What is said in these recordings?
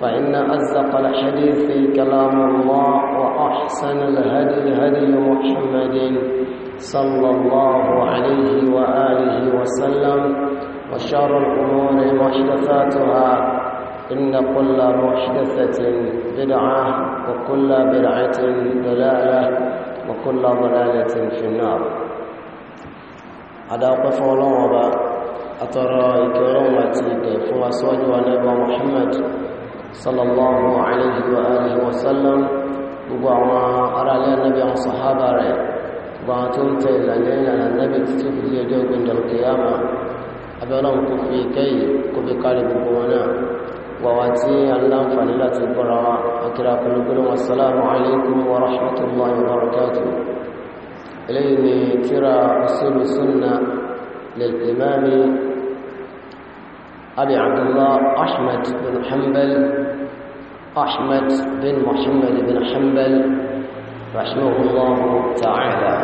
فإن أصدق الحديث كلام الله وأحسن الهدي هدي محمد صلى الله عليه وآله وسلم وشر الأمور محدثاتها إن كل محدثة بدعة وكل بدعة ضلالة وكل ضلالة في النار أدعوك فولوما أترى إكرامتي كيف وسوجوا نبي محمد sallallahu alayhi wa alihi wa sallam gbogbo àwọn ará ilé anábì àwọn sàhábà rẹ̀ gbogbo àwọn tó ń tẹ ìlànà ìlànà anábì títí ó fi di ọjọ́ ìgbìndà kìyàmà abẹ́ọ́lá kò fi kẹ́yì kò fi kárí gbogbo wọn náà wàwá tí aláǹfààní láti gbọ́ra wa akíra kúlùkúlù wasalaamu alaykum wa rahmatullahi wa barakatuh eléyìí ni tíra usulu sunna lil imami abdullah ahmed bin hanbal أحمد بن محمد بن حنبل رحمه الله تعالى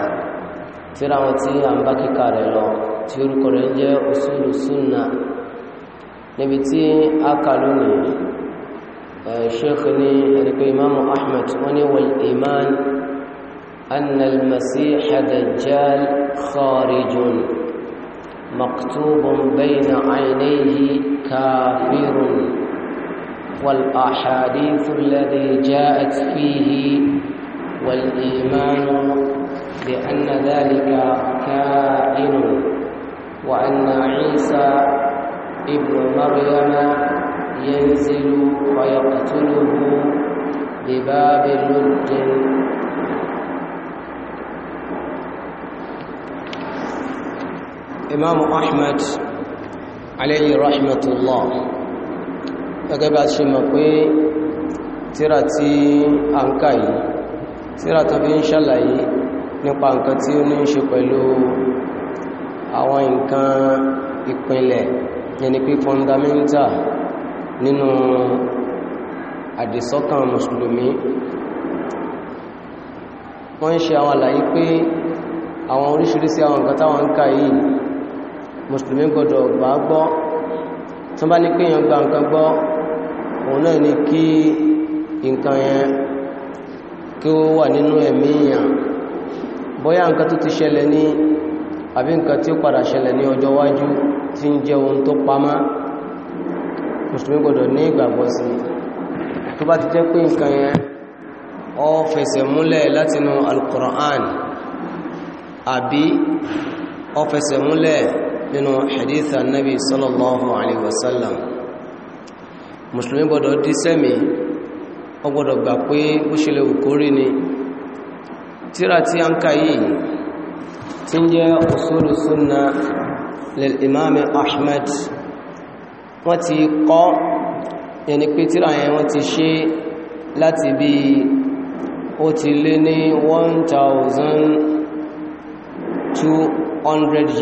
تراوتي عن باكي كارلو تيور كورنجة أصول السنة نبتي أكالوني آه، شيخني إمام أحمد وني والإيمان أن المسيح دجال خارج مكتوب بين عينيه كافر والأحاديث الذي جاءت فيه والإيمان بأن ذلك كائن وأن عيسى ابن مريم ينزل ويقتله بباب لد إمام أحمد عليه رحمة الله gẹ́gẹ́ bá ṣe mọ̀ pé tíra tí a ń kà yìí tíra tó fi ń ṣàlàyé nípa nǹkan tí ó ní ṣe pẹ̀lú àwọn nǹkan ìpìnlẹ̀ yẹni pé fọ́ndámẹ́ntà nínú àdìsọ́kàn mùsùlùmí wọ́n ń ṣe àwọn àlàyé pé àwọn oríṣiríṣi àwọn nǹkan táwọn ń kà yìí mùsùlùmí gbọdọ̀ gbàgbọ́ tó bá ní pé èèyàn gba nǹkan gbọ́ òun náà ni kí nǹkan yẹn kí ó wà nínú ẹ̀mí èèyàn bóyá nǹkan tó ti ṣẹlẹ̀ ní àbí nǹkan tí ó padà ṣẹlẹ̀ ní ọjọ́ iwájú tí ń jẹ́ ohun tó pamá mùsùlùmí gbọdọ̀ ní ìgbàgbọ́ sí tó bá ti jẹ́ pé nǹkan yẹn ó fẹsẹ̀ múlẹ̀ látinú al-Qur'an àbí ó fẹsẹ̀ múlẹ̀ nínú hadith annabi sallallahu alaihi wasallam mùsùlùmí gbọ́dọ̀ dí sẹ́mi ó gbọ́dọ̀ gbà pé ó ṣe lè òkórí ni tíra tí a ń ka yìí tí ń jẹ́ usulu sunna lil ahmed wọ́n ti kọ́ yẹni pé tíra yẹn wọ́n ti ṣe láti bí ó ti lé ní 1200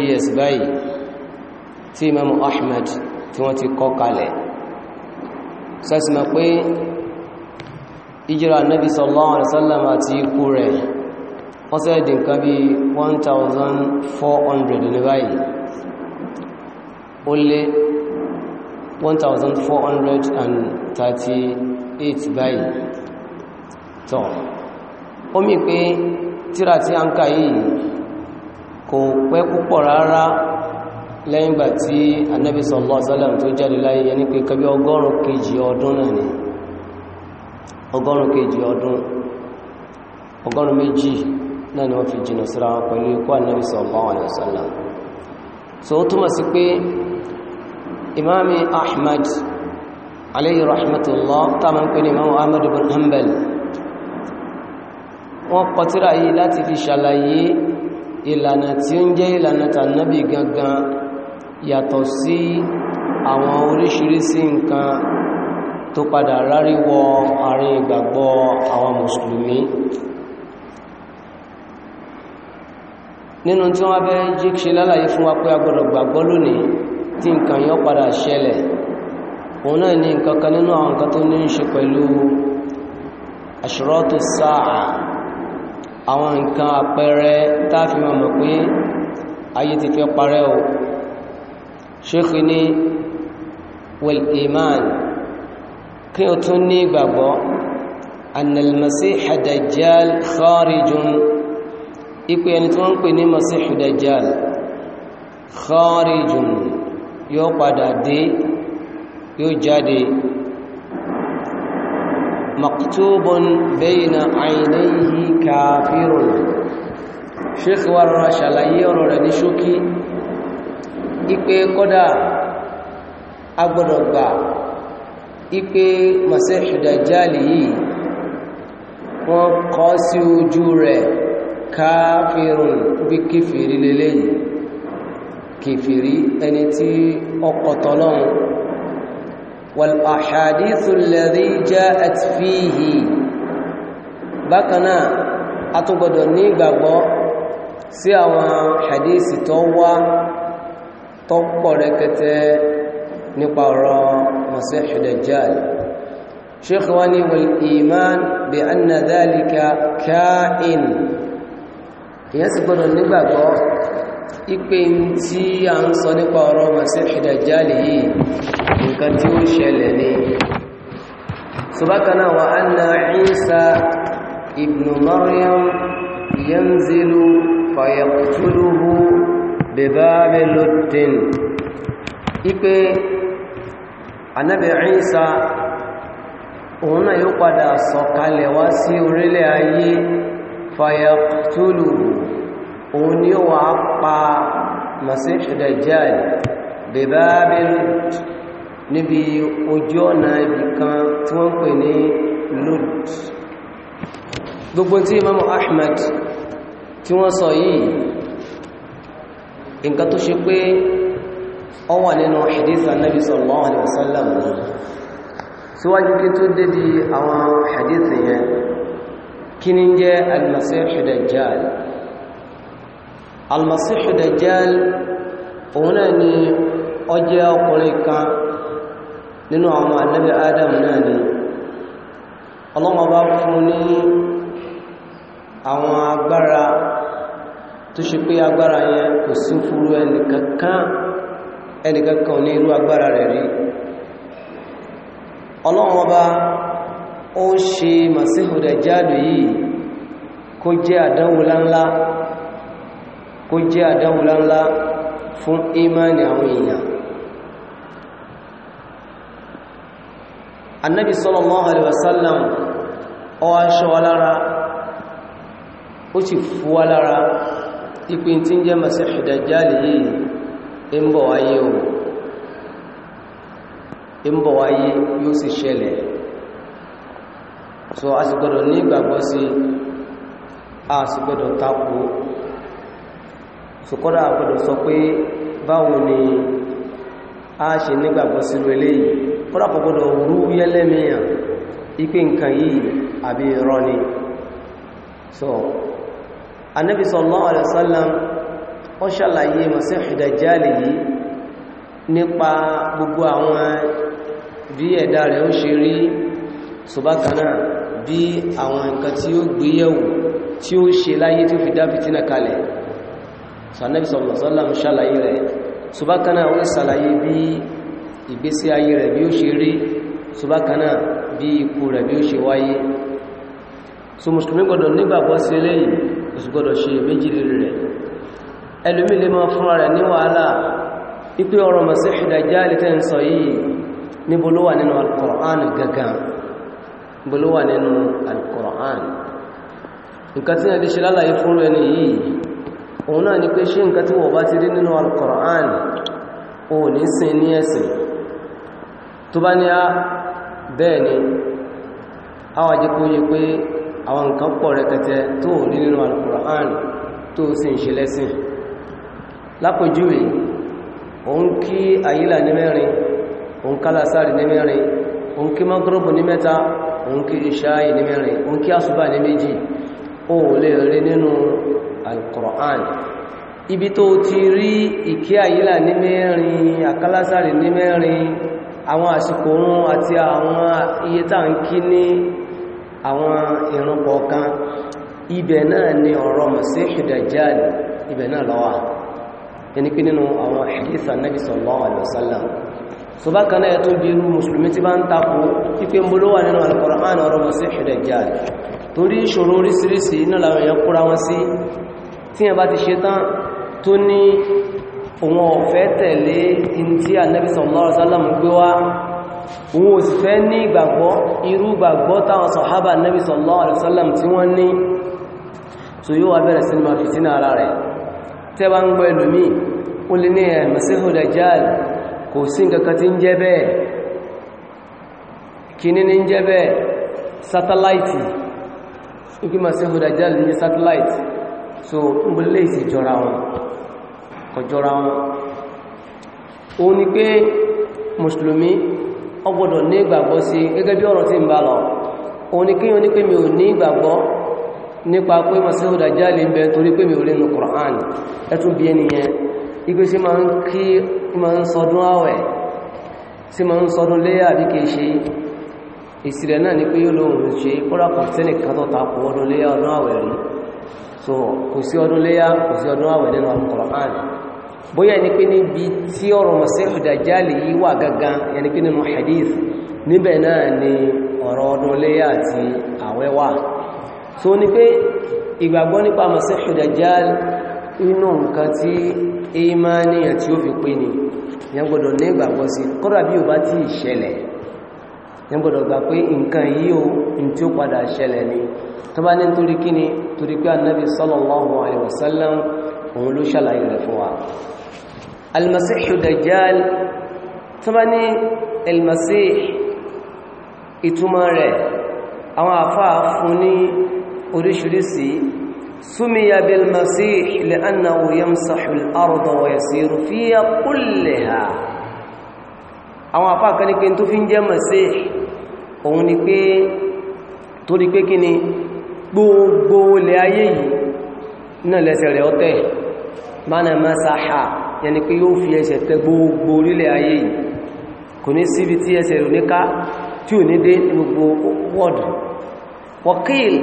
years báyìí tí imam ahmed tí wọ́n ti kọ́ kalẹ̀ sọ́sìmọ̀ pé ìjírà Nabi sallallahu alaihi wasallam àti ikú rẹ̀ wọ́n sẹ́ dì nǹkan bí 1400 ní báyìí ó lé 1438 báyìí tọ́ ó mì pé tíra tí a ń kà yìí kò pẹ́ púpọ̀ rárá lẹ́yìn ìgbà tí anábì sallallahu alaihi tó jáde láyé ní pé kẹbí ọgọ́rùn kejì ọdún náà ni ọgọ́rùn kejì ọdún ọgọ́rùn méjì náà ni wọ́n fi jìnà síra pẹ̀lú ikú anábì sallallahu ìlànà tí ó ń jẹ́ ìlànà gangan yàtọ̀ sí àwọn oríṣiríṣi nǹkan tó padà ráríwọ àárín ìgbàgbọ́ àwọn mùsùlùmí nínú tí wọ́n bẹ́ jí ṣe lálàyé fún wa pé agbọ́dọ̀ gbàgbọ́ lónìí tí nǹkan yọ padà ṣẹlẹ̀ òun náà ni nǹkan kan nínú àwọn nǹkan tó ní ń ṣe pẹ̀lú àṣírọ́tò sáà àwọn nǹkan àpẹẹrẹ táàfin mọ̀ pé ayé ti fẹ́ parẹ́ o ṣéèkì ní wal iman kí o tún ní ìgbàgbọ́ annalmasiha dajjal kharijun ipe ẹni tí wọ́n ń pè ní masihu dajjal kharijun yóò padà dé yóò jáde maktubun bayna aynayhi kafirun ṣéèkì wà rọra ṣàlàyé ọ̀rọ̀ rẹ̀ ní ṣókí ipe kọ́dà agbọ́dọ̀ gbà ipe Masihu Dajjal yìí wọ́n kọ́ sí ojú rẹ̀ káfírùn bí kìfìrí lélẹ́yìn kìfìrí ẹni tí ọkọ̀tọ̀ lọ́run wal ahadithu alladhi bákanáà a ní ìgbàgbọ́ sí àwọn hadisi tó wá tó pọ̀ rẹ̀kẹtẹ nípa ọ̀rọ̀ Masih Dajjal Sheikh wani wal iman bi anna dhalika ka'in ìyẹn sì gbọ́dọ̀ nígbàgbọ́ ipe tí a ń sọ nípa ọ̀rọ̀ Masih Dajjal yìí nǹkan tí ó ṣẹlẹ̀ ni fayaqtuluhu bèbáàbè lótín ipé anábì Ìsá òun náà yóò padà sọ̀kalẹ̀ wá sí orílẹ̀ ayé fayaqtulu òun ni ó wà pa Masih Dajjal bèbáàbè lótín níbi ojú ọ̀nà ibi kan tí wọ́n pè ní lód gbogbo tí Imam Ahmad tí wọ́n sọ yìí nǹkan tó ṣe pé ọ wà nínú hadith annabi sallallahu alaihi wasallam ni síwájú kí tó dédí àwọn hadith yẹn kí ní jẹ́ almasihu dajjal almasihu dajjal òun náà ni ó jẹ́ ọkùnrin kan nínú àwọn àwọn agbára tó ṣe pé agbára yẹn kò sí fúrú ẹnìkankan ẹnìkankan ní irú agbára rẹ̀ rí ọlọ́run ọba ó ń ṣe màsíhù dàjálù yìí kó jẹ́ àdánwò láńlá kó jẹ́ àdánwò láńlá fún imani àwọn èèyàn annabi sallallahu alaihi wasallam aṣọ wa ó sì fú wa ipe tí ń jẹ́ Masihi Dajjal yìí ń e bọ̀ wáyé o ń e bọ̀ wáyé yóò sì ṣẹlẹ̀ so a sì gbọdọ̀ a sì gbọdọ̀ tako sòkọ́dà a gbọdọ̀ sọ a ṣe nígbàgbọ́ sílú eléyìí kọ́dà kò gbọdọ̀ rú yẹ́lẹ́mìíyàn ipe nǹkan yìí so anábì sallallahu alaihi wasallam ó ṣàlàyé Masihu Dajjal yìí nípa gbogbo àwọn bí ẹ̀dá rẹ̀ ó ṣe rí ṣùgbọ́kaná bí àwọn nǹkan tí ó gbéyẹ̀wò tí ó ṣe láyé tí ó fi dá fìtínà kalẹ̀ sànẹ́bì sallallahu alaihi wasallam ṣàlàyé rẹ̀ ṣùgbọ́kaná ó ṣàlàyé bí ìgbésí ayé rẹ̀ bí ó ṣe rí ṣùgbọ́kaná bí ikú rẹ̀ bí ó ṣe wáyé so mùsùlùmí gbọdọ̀ nígbàgbọ́ sí eléyìí kò sì gbọ́dọ̀ ṣe méjì lérí rẹ̀ ẹlòmí lè máa fún ara ní wàhálà wípé ọ̀rọ̀ Masiihu Dajjal tẹ́ ń sọ yìí níbo ló wà nínú Al-Qur'an gangan níbo ló wà nínú Al-Qur'an nǹkan tí ẹ̀lẹ́ ṣe lálàyé fún ẹni ni pé àwọn nǹkan pọ̀ rẹ̀kẹtẹ tó rí nínú alukur'an tó sì ń ṣe lẹ́sìn lápòjúwe òun kí àyílà ní mẹ́rin òun kálásárì ní mẹ́rin òun kí mọ́gọ́rọ̀bù ní mẹ́ta òun kí ìṣáyì ní mẹ́rin òun kí àsùbà ní méjì ó lè rí nínú alukur'an ibi tó ti rí ìkí àyílà ní mẹ́rin àkálásárì ní mẹ́rin àwọn àsìkò òun àti àwọn iye tá à ń kí ní àwọn ìrun kọ̀ọ̀kan ibẹ̀ náà ni ọ̀rọ̀ Masihu Dajjal ibẹ̀ náà ló wà ẹni pé nínú àwọn hadith Nabi sallallahu alaihi wasallam so bá kan náà tó bí irú mùsùlùmí tí bá ń takò ipé ń nínú Al-Qur'an ọ̀rọ̀ Masihu Dajjal torí ìṣòro oríṣiríṣi iná làwọn èèyàn kúra wọn sí tí ẹ bá ti ṣe tán tó ní sallallahu alaihi wasallam gbé òun ò sì fẹ́ ní ìgbàgbọ́ irú ìgbàgbọ́ táwọn sọ̀hábà nẹ́bí sallallahu alaihi wasallam tí wọ́n ní so yóò wá bẹ̀rẹ̀ sí máa fìtínà ara rẹ̀ tẹ́ bá ń gbọ́ ẹlòmíì ó lè ní ẹ̀ Masihu Dajjal kò sí Ọ ní ìgbàgbọ́ sí gẹ́gẹ́ bí ọ̀rọ̀ tí ń bá lọ òun ni kíyàn ní pé mi ò ní ìgbàgbọ́ nípa pé Masihu Dajjal ń bẹ torí pé mi ò rí nu Qur'an ẹtún bí ẹniyẹn ipé sí máa ń sọdún àwẹ̀ sí máa ń sọdún léyà bí kìí ṣe bóyá ní pé níbi tí ọ̀rọ̀ Masihu Dajjal yìí wà gangan yẹni pé nínú hadith níbẹ̀ náà ni ọ̀rọ̀ ọdún léyà àti àwẹ̀ wà so ní pé ìgbàgbọ́ nípa Masihu Dajjal inú nǹkan tí imani àti ó fi pé ni yẹn gbọ́dọ̀ ní ìgbàgbọ́ sí kọ́dà bí ó bá ti ìṣẹ̀lẹ̀ yẹn gbà pé nǹkan yìí ní tí ó padà ṣẹlẹ̀ ni tó bá ní torí kí torí pé Annabi sallallahu alaihi wasallam òun ló ṣàlàyé rẹ̀ fún wa almasihu dajjal tó bá ní almasih ìtumọ̀ rẹ̀ àwọn àfáà fún ní oríṣiríṣi سمي بالمسيح لأنه يمسح الأرض ويسير فيها كلها àwọn apá kan ní pé tó fi ń jẹ́ Masih òun ni pé tó rí pé kí ni gbogbo ilẹ̀ ayé yìí náà lẹ́sẹ̀ rẹ̀ ọ̀tẹ̀ mana masaha yẹni pé yóò fi ẹsẹ̀ tẹ gbogbo orílẹ̀ ayé yìí kò ní síbi tí ẹsẹ̀ rò ní ká tí ò ní dé gbogbo wọ́ọ̀dù wakil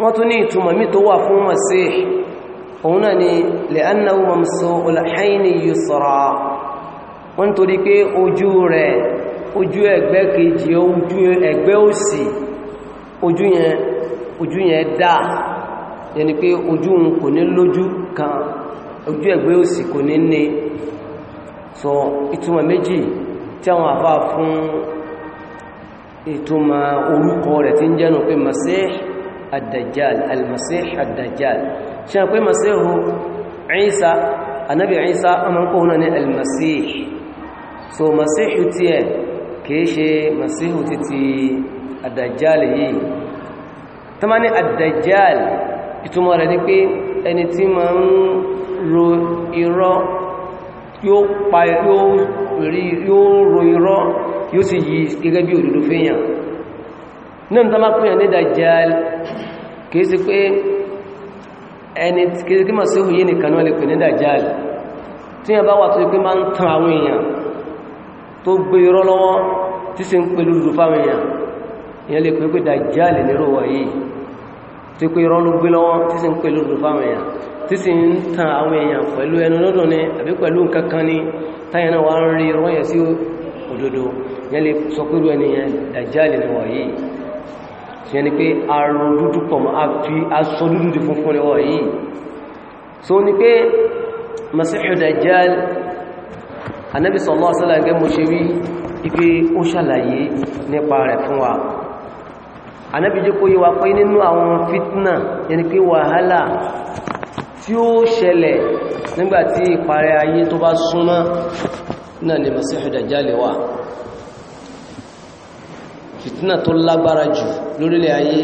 wọ́n tún ní ìtumọ̀ mí tó wà fún masih òun náà ni lẹ́annáwó mamso olàhẹ́ni yìí sọ̀rọ̀ wọ́n torí pé ojú rẹ̀ ojú kò ní lójú kan ojú ẹgbẹ́ òsì kò ní ní sọ ìtumọ̀ méjì tí àwọn àfá fún ìtumọ̀ orúkọ rẹ̀ tí ń jẹ́nu pé masih ad-dajjal al-masih ad-dajjal ṣe pé masihu so masihu tí ẹ kìí ṣe masihu títí ad-dajjal yìí tamani ad-dajjal ìtumọ̀ rẹ̀ ni pé ma ń ro irọ́ yóò pa yóò rí yóò ro irọ́ yóò sì yí gẹ́gẹ́ bí òdodo fẹ́yàn náà tó má pèyàn ní dajjal kìí pe eni ẹni kìí sí kí màá síhù yé nìkan náà lè pè ní dajjal tí yẹn bá wà tó yẹ pé máa ń tan àwọn èèyàn tó gbé irọ́ lọ́wọ́ tí sì ń pè lúdú fáwọn èèyàn dajjal tí pé irọ́ ló gbé lọ́wọ́ tí sì ń pè lódò fáwọn èèyàn tí sì ń tan àwọn èèyàn pẹ̀lú ẹnu lọ́dọ̀ ni àbí pẹ̀lú nǹkan kan ni táyà náà wà ń rí irọ́ yẹn sí òdodo yẹn lè sọ pé irú ẹni yẹn dàjáàlì ni wọ̀ yìí tí anábi jẹ́ kó yí wa pé nínú àwọn fitna yẹni pé wàhálà tí ó ṣẹlẹ̀ nígbàtí ìparẹ́ ayé tó bá súnmọ́ náà ni Masihu Dajjal wà fitna tó lágbára jù lórílẹ̀ ayé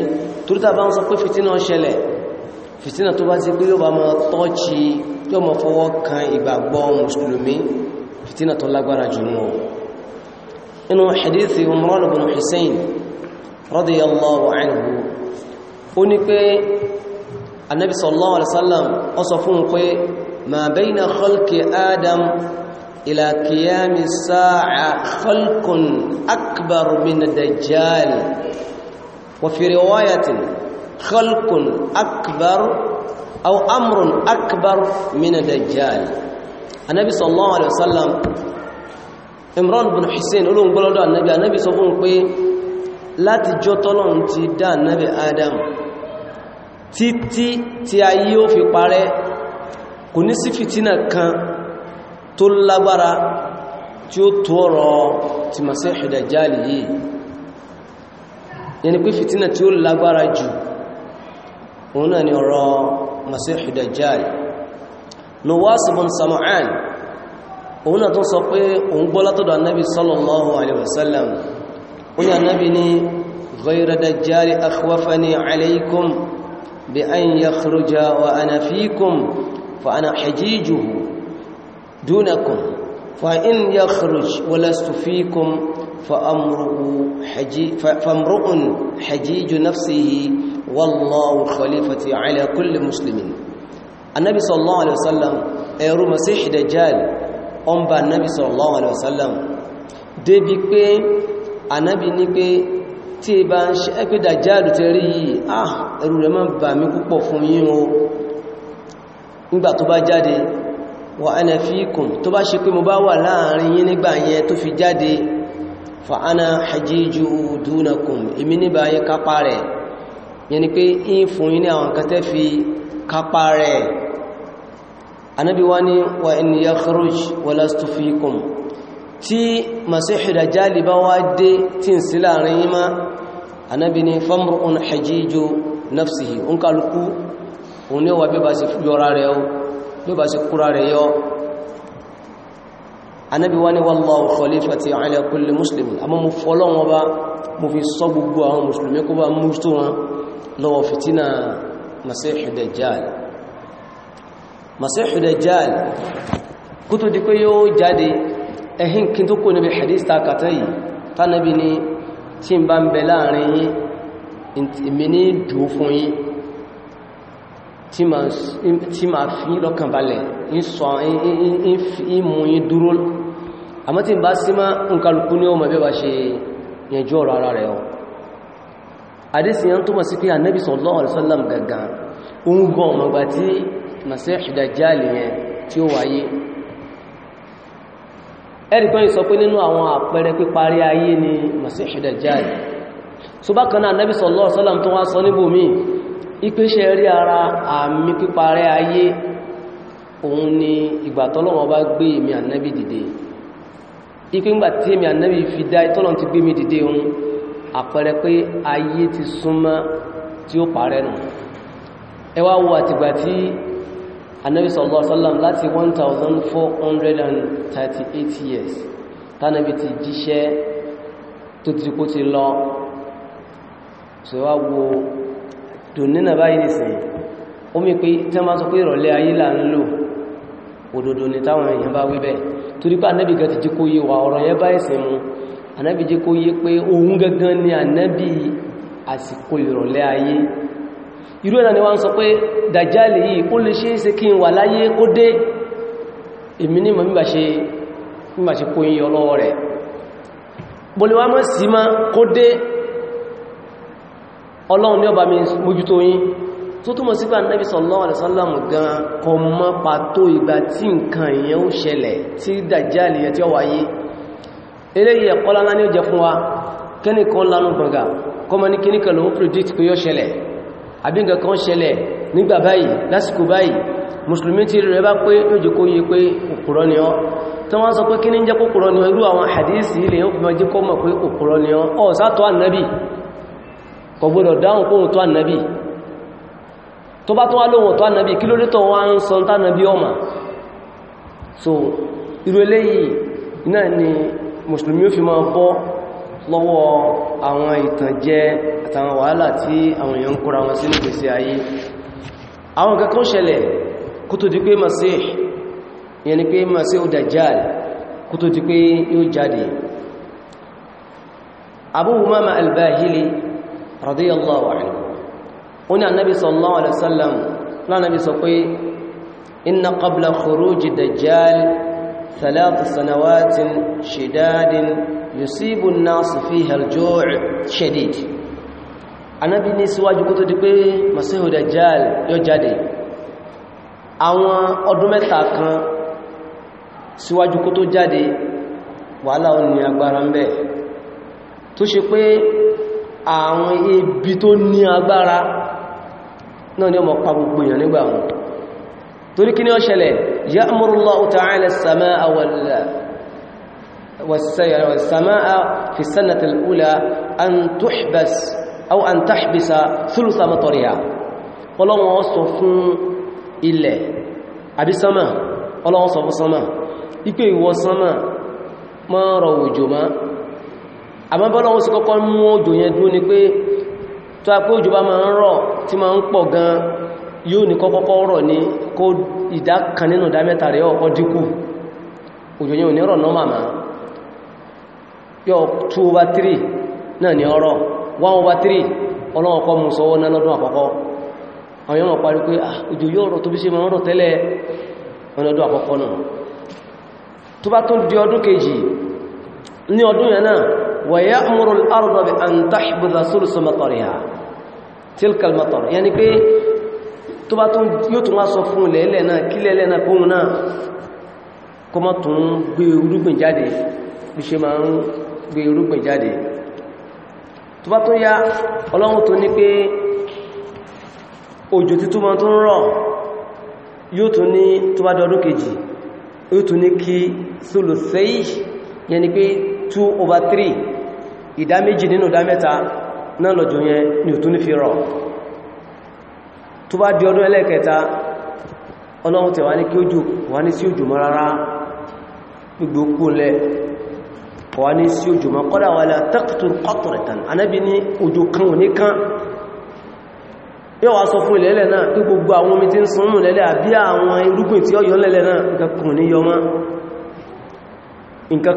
torítà bá ń sọ pé fitna ṣẹlẹ̀ fitna tó bá ti pé yóò bá mọ́ tọ́ọ̀ṣì yóò mọ́ fọwọ́ kan ìgbàgbọ́ mùsùlùmí fitna tó lágbára jù nù inú hadithi Umran ibn Hussein radiyallahu anhu ó ní pé anabi sallallahu alaihi wasallam ó sọ fún pé ma bayna khalqi adam ila qiyami sa'a khalqun akbar min dajjal wa fi riwayatin khalqun akbar aw amrun akbar min dajjal anabi sallallahu alaihi wasallam imran bin hussein olóhun gbọ́lọ́dọ̀ anabi anabi sọ fún pé láti jọ tọ́lọ́run ti dá náàbì adam títí tí ayé ó fi parẹ́ kò ní sí fìtínà kan tó lágbára tí ó tó ọ̀rọ̀ ti Masihu Dajjal yìí yẹni pé fìtínà tí ó lágbára jù òun náà ni ọ̀rọ̀ Masihu Dajjal Nuwas bin Sam'an òun náà tó sọ pé òun gbọ́ látọ̀dọ̀ annabi sallallahu bóyá nábi ní ghayra dajjal akhwafani alaykum bi an yakhruja wa ana fikum fa ana hajijuhu dunakum fa in yakhruj wa lastu fikum فامرؤ حجيج نفسه والله خليفة على كل مسلم النبي صلى الله عليه وسلم ẹ̀rù Masih Dajjal ó ń bá النبي صلى الله عليه وسلم débi pé ànábì ní pé tí ẹ bá ń ṣe ẹ́ pé dàjáàlù ti rí yìí ah ẹ̀rù rẹ̀ máa bà mí púpọ̀ fún yín o nígbà tó bá jáde wà ana fikum tó bá ṣe pé mo bá wà láàrin yín nígbà yẹn tó fi jáde fa ana hajiju èmi níbà yẹn kápá rẹ̀ yẹn ni pé yín fún yín ní àwọn kan fi kápá rẹ̀ ànábì wá ní wa in yakhruj wa lastu fikum tí masihu dajjali bá wá dé tí ń sí láàrin yí má anábi ni famurun hajjijo nafsihi ń kálukú òun ní ọwà bí bá ṣe yọra rẹ̀ o bí bá ṣe kúra rẹ̀ yọ anábi wá ní wallahu khalifati ala kulli muslimin a mọ́ fọ́lọ́n wọn bá mo fi sọ gbogbo àwọn musulmi kó bá mú tó di pé yóò jáde ẹ̀hìn kí tó kò níbi hadista kàtẹ́ yìí tánàbí ni tí n bá ń bẹ láàrin yí ìmì ní dùn fún yí tí ma fi lọ́kàn balẹ̀ ìmú yí dúró àmọ́ tí n bá sí máa ń kálukú ní ọmọ ẹgbẹ́ bá ṣe yẹjú ọ̀rọ̀ ara rẹ̀ ọ àdísìyàn tó mọ̀ sí pé ànábì sallallahu alaihi wasallam gàgà ń gọ́ ọmọ gbà tí yẹn tí ó wáyé ẹ̀rìkan yìí sọ pé nínú àwọn àpẹẹrẹ píparí ayé ni Masihud Dajjal so bákan náà Nabi sallallahu alaihi wasallam tó wá sọ níbòmí ìpéṣẹ́ rí ara àmì píparí ayé òun ni ìgbà tọ́lọ́wọ́ bá gbé èmì ànábì dìde ipé ńgbà tí èmì ànábì fi dá ìtọ́lọ́n ti gbé mi dìde òun àpẹẹrẹ pé anabi sallallahu alaihi wasallam láti 1438 years tánàbí ti jíṣẹ́ to ti kó ti lọ so wá wo dùnnínà báyìí nìsìn ó mi pé tí wọ́n sọ pé ìrọ̀lẹ́ ayé là ń lò òdòdó ni táwọn èèyàn bá wí bẹ́ẹ̀ torí pé anábì gan ti jí kó yé wa ọ̀rọ̀ yẹn bá ìsìn mu anábì jí kó yé pé òun gangan ni anábì àsìkò ìrọ̀lẹ́ ayé irú ẹ̀nà ni wọ́n sọ pé dàjálì yìí ó lè ṣe é ṣe kí n wà láyé kó dé èmi ní mọ̀ mímà ṣe kó yí ọlọ́wọ́ rẹ̀ boliwa mọ́ sí má kó dé ọlọ́run ní ọba mi mójútó yín tó túnmọ̀ sí pà nẹ́bí sallallahu alaihi wasallam gan kò mọ̀ pàtó ìgbà tí ní kíníkà lòun predict pé yóò ṣẹlẹ̀ àbí nǹkan kan ṣẹlẹ̀ nígbà báyìí lásìkò báyìí mùsùlùmí tí rẹ̀ bá pé lójú kó yí pé òkúrọ́ ni ọ́ tó wọ́n sọ pé kí ní jẹ́ kòkòrọ́ ni ọ́ irú àwọn hadisi ilẹ̀ yóò fìmọ̀ jí kọ́ mọ̀ pé òkúrọ́ ni ọ́ ọ̀ sátọ́ ànábì kò gbọdọ̀ dáhùn kóhun so irú eléyìí náà ni mùsùlùmí ó fi máa bọ́ lọ́wọ́ àwọn ìtànjẹ àtàwọn wàhálà tí àwọn èèyàn ń kóra wọn sínú gbèsè ayé àwọn kankan ṣẹlẹ̀ kó tó di pé Masih yen ni pé o Dajjal kó tó di pé yóò jáde Abu Umama albáhílì radiyallahu anhu ó ní annabi sallallahu alaihi wasallam lánàbí sọ pé inna qabla khuruji Dajjal ثلاث سنوات شداد يصيب الناس فيها الجوع شديد anábi ní síwájú kó tó di pé Masihu Dajjal yóò jáde àwọn ọdún mẹ́ta kan síwájú kó tó jáde wàhálà ò ní agbára ń bẹ tó ṣe pé àwọn ibi tó ní agbára náà ni ọmọ pa gbogbo èèyàn nígbà wọn torí kí ni ó ṣẹlẹ̀ ya'muru Allahu ta'ala aw an tahbisa thulutha matariha ọlọ́wọ́n sọ fún ilẹ̀ àbí sánmà ọlọ́wọ́n sọ fún sánmà ipé ìwọ sánmà ma rọ òjò má sí kọ́kọ́ mú òjò yẹn ni pé tó a òjò bá máa ń rọ̀ tí gan yóò ní kọ́kọ́kọ́ rọ̀ ní kó nínú mẹ́ta rẹ̀ dínkù òjò yẹn ò ní rọ̀ náà màmá yọ 2 over 3 náà one over three ọlọ́wọ́ kọ́ mú sọwọ́ náà lọ́dún àkọ́kọ́ àwọn yọ́mọ̀ parí pé ah, òjò yóò rọ̀ tó bí ṣe mọ́ tẹ́lẹ̀ ọlọ́dún àkọ́kọ́ náà ní ọdún yẹn náà wa ya'muru al-arda bi an tahbudha thulutha matariha tilka al-matar pé tó bá tó yóò tún wá sọ fún ilẹ̀ náà kí lẹ́lẹ́ náà kóhun náà kọ́ tún gbé irúgbìn jáde tó bá tó yá ọlọ́run tó ní pé òjò títú ma tó ń rọ̀ yóò tún ní tó bá kejì yóò tún ní kí sólò sẹ́yì yẹn ni pé 2 over 3 ìdá méjì nínú ìdá mẹ́ta náà lọ́jọ́ yẹn ni ò tún ní fi rọ̀ tó bá di ọdún ọlọ́run ní wà ní sí òjò ma kọ́dà wà látàkùtùn kọ́tùrẹ̀tàn anábi ní òjò kan ò ní kan yóò wá sọ fún ilẹ̀lẹ̀ náà ní gbogbo àwọn omi tí ń sun mù lẹ́lẹ̀ àbí àwọn irúgbìn tí ó yọ lẹ́lẹ̀ náà nǹkan kan ní yọ mọ́ nǹkan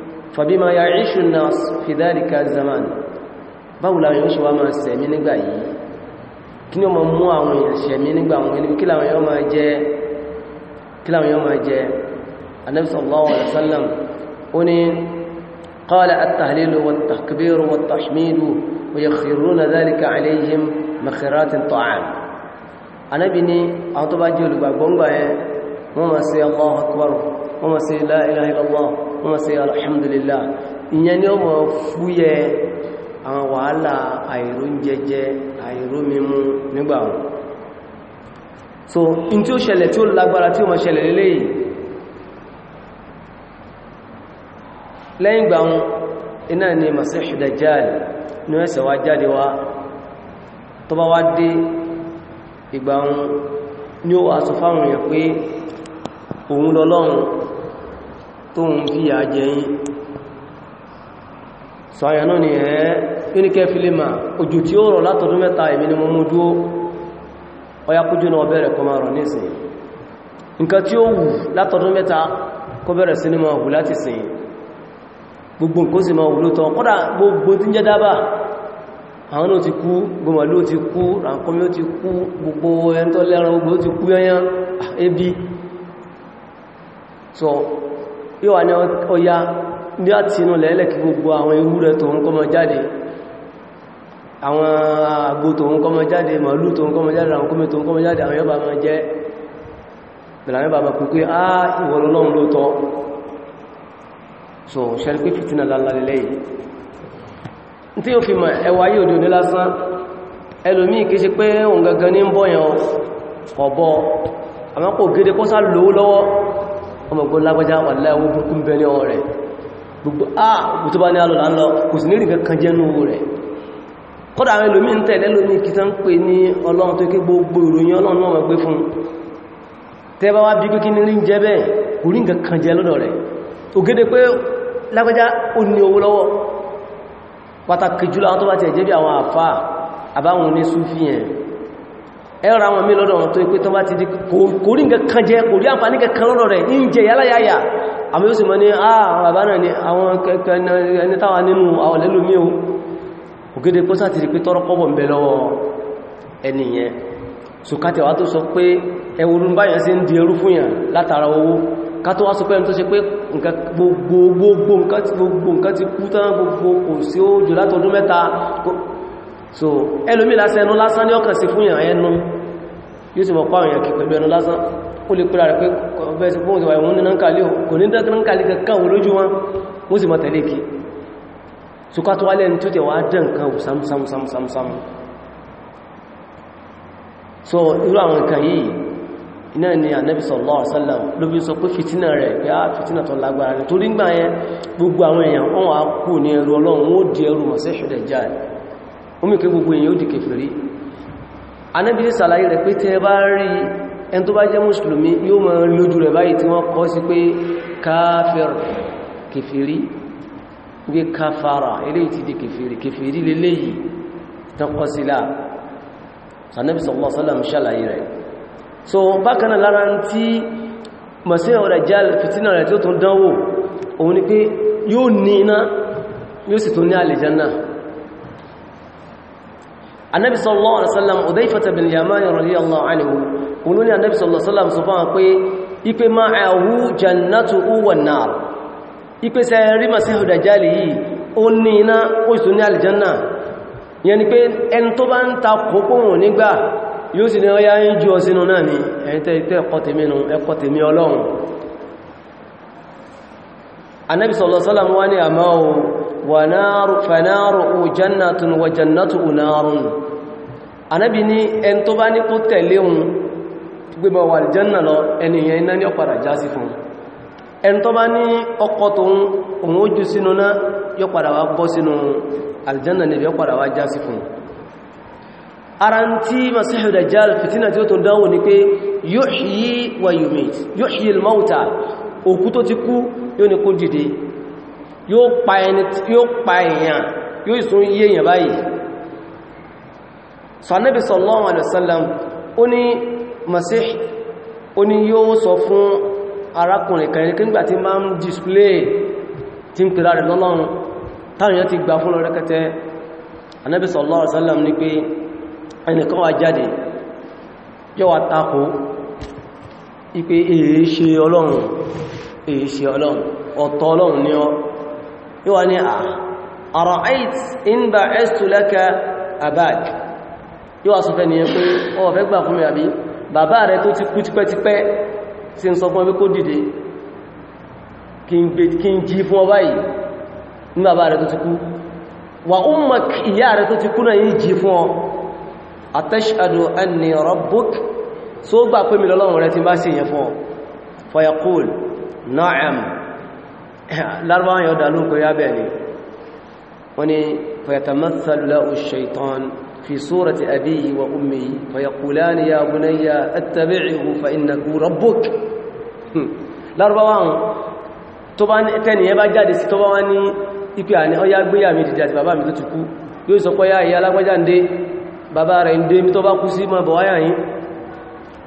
فبما يعيش الناس في ذلك الزمان باولا يوشوا ما سمي نيغبا يي kíni ó ma mú àwọn èèyàn semi nígbà àwọn ẹni kí làwọn èèyàn máa jẹ kí làwọn èèyàn máa jẹ Ànábì sallallahu alaihi wasallam ó ní qala at-tahlilu jẹ́ olùgbàgbọ́ ngba yẹn wọ́n máa ṣe Allahu Akbar wọ́n máa ṣe la ilaha illallah wọ́n máa ṣe ni ó so in tí ó ṣẹlẹ̀ tí o lágbára tí ó máa ṣẹlẹ̀ lélẹ́yìí lẹ́yìn ìgbà ina ni Masihu Dajjal ní Toba ni òun lọ́lọ́run tó ń fi àjẹ́ yìí sọ àyà náà ni ẹ̀ yúnikẹ́ filima òjò tí ó rọ̀ látọ̀dún mẹ́ta èmi ni mo mú dúó ọya kójú náà bẹ̀rẹ̀ kọ máa rọ̀ nísìn nǹkan tí ó wù látọ̀dún mẹ́ta kọ bẹ̀rẹ̀ sí ni wù láti sìn gbogbo nǹkan sì máa wù gbogbo tí ń jẹ́ dábà àwọn ti kú gbọmọ̀lú ti kú ti kú gbogbo ebi so yóò wà ní ọya ní àti inú lẹ́lẹ̀ kí gbogbo àwọn ewúrẹ́ tó ń kọmọ jáde àwọn àgbò tó ń kọmọ jáde màálù tó ń kọmọ jáde àwọn kómi tó ń kọmọ jáde àwọn yọba máa jẹ́ bẹ̀rẹ̀ bàbá so pé fìtínà lálàlẹ́lẹ́ yìí ọmọ ogun lágbàjá wà láàwó burúkú bẹ ní ọwọ́ rẹ̀ gbogbo ààbò ah, tó bá ní alọ́lá ń lọ kò sí nírìn kankan jẹ́ ní owó rẹ̀ kọ́dà àwọn ẹlòmí ń tẹ̀lé lómi kìtà ń pè ní ọlọ́run tó ké gbogbo ìròyìn ọlọ́run náà wọ́n gbé fún tẹ́ bá wá bí pé kí ní rí ń jẹ́ bẹ́ẹ̀ kò rí nǹkan kan jẹ lọ́dọ̀ rẹ̀ ògédé pé lágbàjá ó ní owó lọ́wọ́ pàtàkì jùlọ àwọn tó bá tẹ̀ jẹ́ bí àwọn àfáà àbáwọn onísúfì ẹ̀rọ àwọn mí lọ́dọ̀ tó ipé tó bá ti di kò rí nǹkan kan jẹ kò rí àǹfàní kankan lọ́dọ̀ rẹ̀ ń jẹ yálàyáyà àwọn yóò sì mọ́ ní ah, àwọn bàbá náà ni àwọn ẹni táwà nínú àwọn lẹ́lòmí o ògede kó sáti rí pé tọ́rọ kọ́bọ̀ ń bẹ lọ́wọ́ ẹniyẹn sùkátẹ̀ wá tó sọ pé ẹwùrún báyàn sí ń di ẹrú fún yàn látara owó ká tó wá sọ pé ẹni tó ṣe pé gbogbo nǹkan ti kú tán gbogbo kò sí ó jù látọdún mẹ́ta so ẹlòmí lásán ẹnu lásán ní ọkàn sí fún ìyàn ẹnu yóò sì mọ̀ pàwọn èèyàn kí pẹ̀lú ẹnu lásán ó lè pẹ́ra rẹ̀ pé ọ̀fẹ́sì fún òsìwà ìwọ̀n nínú kàlẹ́ kò ní dánkàlẹ́ kankan wọ lójú wọn wọ́n sì mọ̀ tẹ̀lé kí so ká tó wálẹ̀ ní tó tẹ̀ wá dán kan wù sámsámsámsám so irú àwọn nǹkan yìí iná ni sallallahu alaihi wasallam ló fi sọ pé fìtínà rẹ̀ pé á ah, fìtínà tó lágbára rẹ̀ torí gbà yẹn gbogbo àwọn èèyàn wọn wà kú ní ẹrù ọlọ́run omi kí gbogbo èèyàn ó di kèfèrí anábi ní sàlàyé rẹ̀ pé tẹ́ bá rí ẹn tó bá jẹ́ mùsùlùmí yóò mọ̀ lójú rẹ̀ báyìí tí wọ́n kọ́ sí pé káfẹ́r kèfèrí gbé káfàrà so bákan lára tí mọ̀sí ọ̀rẹ̀ jẹ́ fìtínà rẹ̀ tí ó tún dánwò òun ni pé yóò ní iná yóò sì tún ní àlìjánà anabi sallallahu alaihi wasallam udaifata bin yamani radiyallahu anhu kunu ni anabi sallallahu alaihi wasallam sọ fún pé ipe ma ahu jannatu wa nar ipe se ri masihu dajali yi oni na o su ni aljanna yẹn ni pé en tó bá nta koko won ni gba yo si ni o ya yin ju o sínú na ni en te te ko tèmi nu e ko tèmi Ọlọ́hun anabi sallallahu alaihi wasallam wá ní ama ونار فنار جنة وجنة نار Ànábì ní ẹn tó bá ní kó tẹ̀lé un gbé ma wà aljanna lọ ẹniyàn iná ní ọ̀padà já sí fún ẹn tó bá ní ọkọ̀ tó ń òun ojú sínú náà yọ padà wá bọ́ sínú aljanna ní yọ padà wá já sí fún ara ń tí Masihu Dajjal fìtínà tí ó tó dánwò ní pé yuhyi wa yumit yuhyi al-mauta òkú tó ti kú yóò ní kó dìde yóò pa ẹni tí yóò pa èèyàn yóò ìsún yé èèyàn báyìí so anábi sallallahu alaihi wasallam ó ní masih ó ní yóò sọ fún arákùnrin kẹrin kí nígbàtí máa ń display tí ń pèrà rẹ̀ lọ́lọ́run táwọn èèyàn ti gbà fún lọ́rẹ́kẹtẹ anábi sallallahu alaihi wasallam ní pé ẹnìkan wà jáde yóò wà tako ni yóò wá ní àrọ̀ ah, ait in ba estu lẹ́kẹ́ abag yóò wá sọ fẹ́ nìyẹn pé ọ fẹ́ gbà fún mi àbí bàbá rẹ tó ti kú tipẹ́tipẹ́ sí ń sọ fún ẹbí kó dìde kí n jí fún ọ báyìí ní bàbá rẹ tó ti kú wà ummak ìyá rẹ tó ti kú náà yìí jí fún ọ atashhadu anni rabbuk so gbà pé mi lọ́lọ́run rẹ ti bá sí ìyẹn fún ọ fayaqul na'am lárúbáwọn yọ̀dà ló kò yá bẹ̀ẹ̀ ni wọ́n ni fayatamathalu lahu shaitan fi surati abihi wa ummihi fayaqulani ya bunayya attabi'hu fa innahu rabbuk lárúbáwọn tó bá tẹ́ni ẹ bá jáde sí tó bá wọ́n ní ipi àní ọya gbéyà mi dìde àti bàbá mi tó ti kú yóò sọ pé yáà ìyá alágbájá ń dé bàbá rẹ̀ ń dé mi tó bá kú sí mọ́ bọ̀wáyà yìí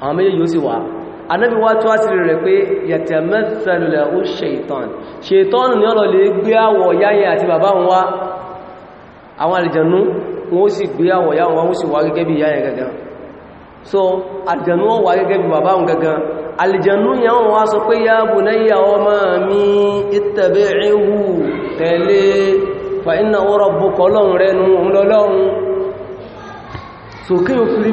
àwọn méjèèjì ó anábi wá tó àṣírí rẹ̀ pé yàtẹ̀ mẹ́sẹ̀lẹ̀ ó ṣètàn ṣètàn ní ọ̀rọ̀ lè gbé àwọ̀ yáyẹ àti bàbá wọn wá àwọn àlìjànú wọn ó sì gbé àwọ̀ so àlìjànú wọn wá gẹ́gẹ́ bí bàbá wọn gangan àlìjànú yàwọn wá sọ pé yá bunayya ọmọ mi fa inna rabbuka ọlọ́run rẹ̀ nù òun so kí o fi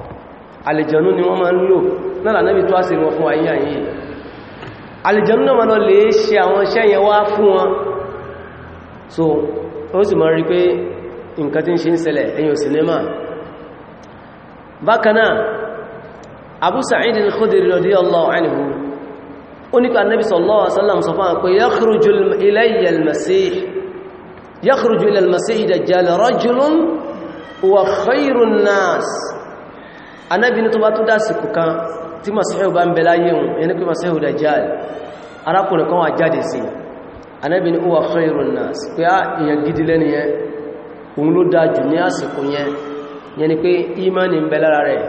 àlìjànú ni wọ́n máa ń lò náà lànàbí tó àṣírí wọn fún ayé ayé àlìjànú náà lọ lè ṣe àwọn iṣẹ́ yẹn wá fún wọn so ó sì máa rí pé nǹkan tí ń ṣe ń ṣẹlẹ̀ ẹ̀yìn sinimá bákanáà Abu Sa'id al-Khudri radiyallahu anhu ó ní ká Nabi sallallahu anábìnrin tó bá tó dásìkò kan tí masíhù bá ń bẹ láyé wọn ẹni pé masíhù dajjal arákùnrin kan wà jáde sí anábìnrin huwa khairun nas pé á ah, èyàn gidi lẹ́ni yẹn òun ló dáa jù ní àsìkò yẹn yẹn ni pé imani ń bẹ lára rẹ̀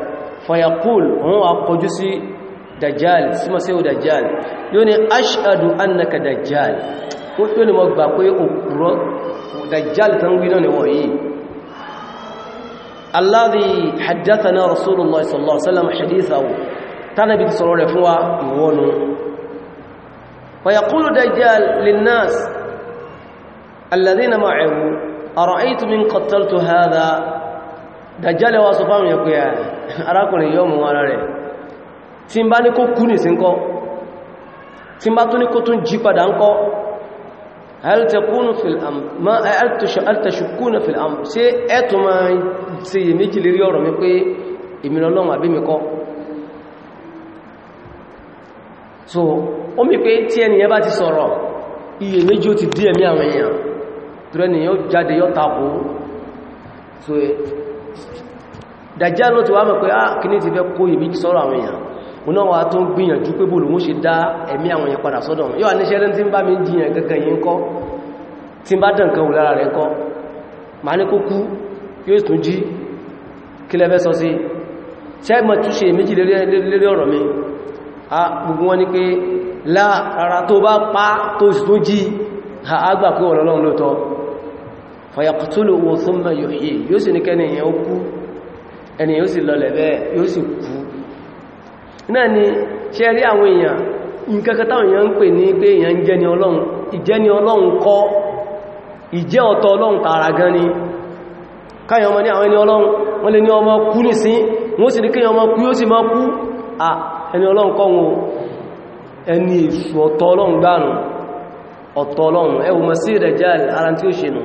fayakul òun wà kọjú sí dajjal sí masíhù dajjal yóò ni ashadu annaka dajjal ó tó ni mo gbà pé òkúrọ dajjal kan wí ni wọ̀nyí الذي حدثنا رسول الله صلى الله عليه وسلم حديثه تنبي صلى الله عليه وسلم ويقول دجال للناس الذين معه أرأيت من قتلت هذا دجال وصفام يقول أراكم اليوم وأرأي تنباني كو كوني سنكو تنباتوني كو تنجي قدانكو هل تكون في الأمر ما هل تشكون في الأمر سي أتماي ṣe yè méjì lérí ọ̀rọ̀ mi pé èmi lọ́lọ́run so o mi pé tí ẹniyàn bá ti sọ̀rọ̀ iye méjì ó ti dí ẹ̀mí àwọn èèyàn tó ẹniyàn ó jáde yọ́ tako so dàjá ló ti wá mọ̀ pé á ah, kí ní ti fẹ́ kó ìbí sọ́rọ̀ àwọn èèyàn wọn náà wà tó ń gbìyànjú pé bòlù mú ṣe dá ẹ̀mí àwọn èèyàn padà sọ́dọ̀ yóò wà níṣẹ́ tí ń bá mi jiyàn gẹ́gẹ́ yìí ń kọ́ tí ń bá dàn kan wù lára rẹ̀ kọ́ màá ní kó kú yóò tún jí kí lẹ́fẹ́ sọ sí ṣẹ́mọ̀ tún ṣe méjì lérí ọ̀rọ̀ mi a gbogbo wọn ni pé láàrá tó bá pa tó sì tó jí àgbà pé ọ̀rọ̀lọ́run lóòtọ́ fàyàkùtúlù wọn tó mẹ́ yòye yóò sì ní kẹ́ni èèyàn ó kú ẹni yóò sì lọlẹ̀ bẹ́ẹ̀ yóò sì kú náà ń pè ní pé èèyàn jẹ́ ni ọlọ́run ìjẹ́ ni ọlọ́run kọ́ ìjẹ́ ọ̀tọ̀ ọlọ́run tààrà gan ni káyọ ọmọ ní àwọn ẹni ọlọ́run wọ́n lè ní ọmọ kú ní sí wọ́n sì ní kí ọmọ kú yóò sì máa kú à ẹni ọlọ́run kọ́ wọn ẹni èṣù ọ̀tọ̀ ọlọ́run gbánu ọ̀tọ̀ ọlọ́run ẹwù mọ̀ sí Dajjal ara tí ó ṣe nù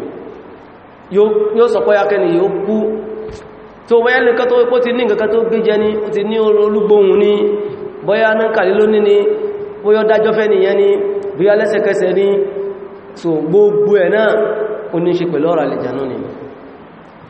yóò sọ pé akẹni yóò kú tó bọ́yá ní kátó pó ti ní ni so gbogbo ẹ̀ náà ó ní ṣe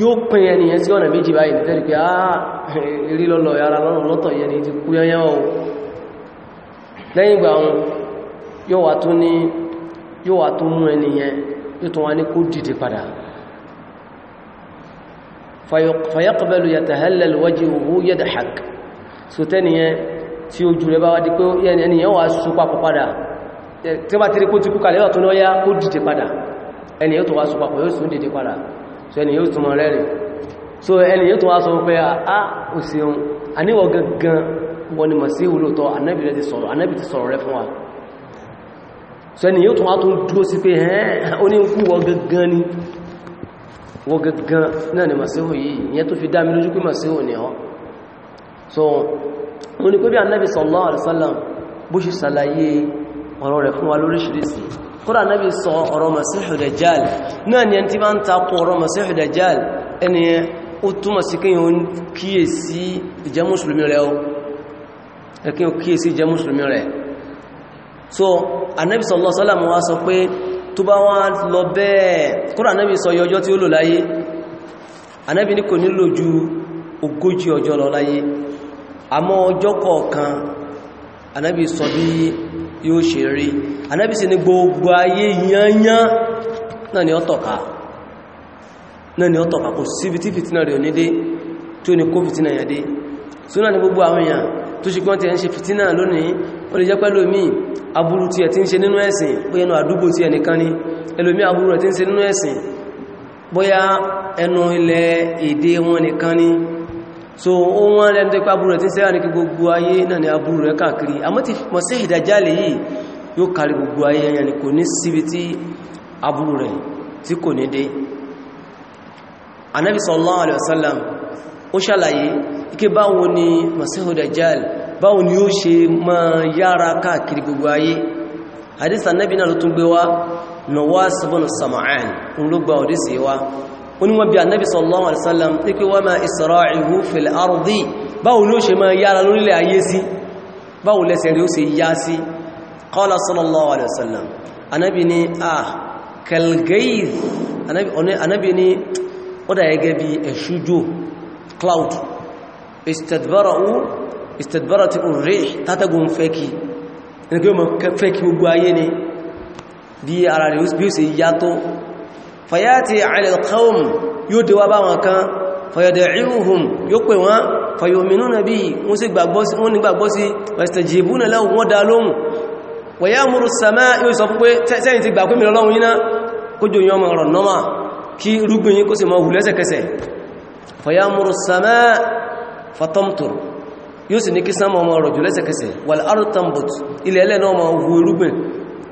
yóò pín ẹni yẹn sí ọ̀nà méjì báyìí tẹ́rì pé àà ah, rí lọ́lọ́ ara lọ́nà lọ́tọ̀ yẹn ni ti kú yányán o lẹ́yìn ìgbà wọn yóò wà tó ní yóò wà tó mú ẹni yẹn yóò tó wà ní kó dìde so tẹ́ni yẹn tí ojú rẹ̀ bá wá di pé ẹni yẹn wà so papọ̀ padà tí wọ́n bá ti rí kó ti kú kalẹ̀ yóò tó ní ọyá kó dìde padà ẹni yóò so ẹni yóò túnmọ̀ rẹ̀rìn so ẹni yóò tún wá sọ pé ah, a ò seun a níwọ̀ gangan wọn ni mọ̀ sí ìwúlòtọ́ anábì rẹ̀ ti sọ̀rọ̀ anábì ti sọ̀rọ̀ rẹ̀ fún wa so ẹni yóò tún wá tún dúró sí pé ẹn ó ní kú wọ gangan ni wọ gangan náà ni màsíhò yìí ìyẹn bí anábì sallallahu alaihi wasallam bó ṣe ṣàlàyé ọ̀rọ̀ rẹ̀ fún wa lóríṣìíríṣìí kódà nábi sọ ọ̀rọ̀ masihu dajjal náà ni ẹni tí bá ń takò ọ̀rọ̀ masihu dajjal ẹni ó túnmọ̀ sí kí yíò so anábi sallallahu alaihi wasallam wá sọ pé tó bá wá lọ bẹ́ẹ̀ kódà nábi sọ yọjọ́ tí ó lò láyé anábi ní kò nílò ju ogójì ọjọ́ lọ láyé àmọ́ yóò ṣe rí anábì sí ní gbogbo ayé yányán náà ni ó tọ̀ka náà ni ó tọ̀ka kò síbi tí fìtínà rẹ̀ onídé tí ó ní kó fìtínà yà dé so náà ni gbogbo àwọn èèyàn tó ṣe kí wọ́n ti ń ṣe fìtínà lónìí ó lè jẹ́ pẹ́lú mi aburú tí ẹ̀ ti ń ṣe nínú ẹ̀sìn bóyá ẹnu àdúgbò tí ẹnìkan ni ẹlòmí aburú rẹ̀ ti ń ṣe nínú ẹ̀sìn bóyá ẹnu ilẹ̀ èdè wọn nìkan ni so ó wọ́n rẹ̀ tó pàbúrú rẹ̀ tí sẹ́rà ní kí gbogbo ayé náà ni àbúrú rẹ̀ káàkiri àmọ́ ti mọ̀ sí ìdájálẹ̀ yìí yóò kárí gbogbo ayé ẹ̀yà ni kò ní síbi tí àbúrú rẹ̀ tí kò ní dé Ànábì sallallahu alaihi wasallam ó oníwọ̀n bí annabi sallallahu alaihi wasallam tí pé wọ́n ma isra'ihu fil ardi báwo ló ṣe máa yára lórílẹ̀ ayé sí báwo lẹ́sẹ̀ rí ó sì yá sí qala sallallahu alaihi wasallam anábi ni ah kalgayth anábi ni ó dà gẹ́gẹ́ bí ẹ̀ṣújò cloud istadbara ti rí tátàgùn fẹ́kì ní kí ó mọ̀ fayati alilqawm yóò dé wá bá wọn kan fayad'iuhum yóò pè wọ́n fayu'minuna bihi wọ́n sì gbàgbọ́ sí wastajibuna lahu wọ́n dá lóhùn wa ya'muru as-samaa yóò sọ pé sẹ́yìn ti gbà pé mìíràn lọ́wọ́ yíná kójò yọ mọ̀rọ̀ nọ́mà kí rúgbìn yí kó sì mọ̀ hù lẹ́sẹ̀kẹsẹ̀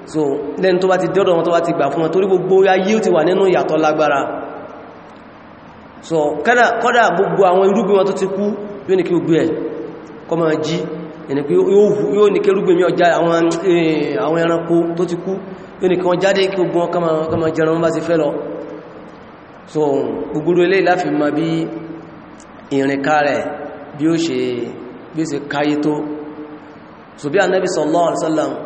so lẹ́nu tó bá ti dọ́dọ̀ wọn tó bá ti gbà fún wọn torí gbogbo ayé ti wà nínú ìyàtọ̀ lágbára so kọ́dà gbogbo àwọn irúgbìn wọn tó ti kú yóò ní kí gbogbo ẹ̀ kọ́ máa jí ẹni pé yóò ní kí irúgbìn mi ọjà eh, àwọn ẹranko tó ti kú yóò ní kí wọ́n jáde kí gbogbo wọn kọ́ máa jẹran so gbogbo ilé láfi ma bí ìrìnká rẹ̀ bí ó sallallahu alaihi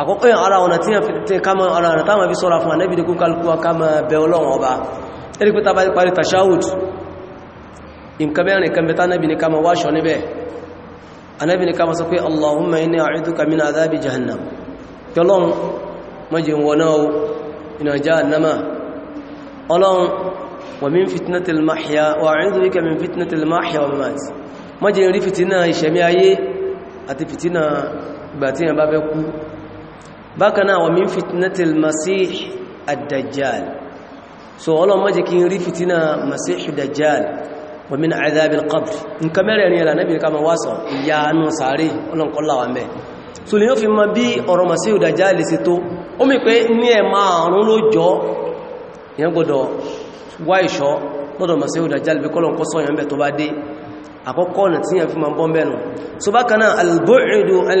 àkọ́kọ́ yàn ara ọ̀nà tí yàn fi kama ara ọ̀nà táwọn fi sọ́ra fún ànẹ́bìdì kú kálùkú kama bẹ ọlọ́run ọba ẹ̀rí pé tàbí parí tashahud nǹkan mẹ́rin kan bẹ tánẹ́bì ní kama wáṣọ níbẹ̀ ànẹ́bì ní kama sọ pé allahumma inni a'idhuka min adhabi jahannam tọ́lọ́run mọ́jẹ̀ wọná o iná jahannama ọlọ́run wa min fitnatil mahya wa a'udhu bika kú bákanáà wà min fitnatil masih ad-dajjal so ọlọ́run má jẹ́ kí n rí fitina masih ad-dajjal wà min adhabil qabr nǹkan mẹ́rẹ̀ ní ẹ̀lànà ìbìnká ma wá sọ ìyá anú sàárè ọlọ́run àkọ́kọ́ ọ̀nà tí yẹn fi ma bọ́ mẹ́nu so bákanáà al-bu'du an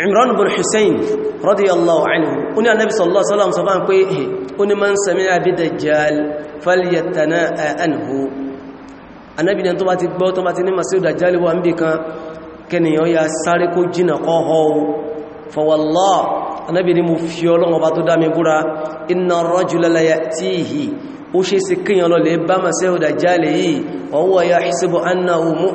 Imran bin Hussein radiyallahu anhu oni annabi sallallahu alaihi wasallam sọ fún pé oni man sami'a bi dajjal falyatana'a anhu annabi ni tó bá ti gbọ́ tó bá ti ní masiu dajjal wà nbi kan keniyan ya sáré kó jìnà ko ho fa wallah annabi ni mo fi Ọlọ́run Ọba tó dá búra inna ar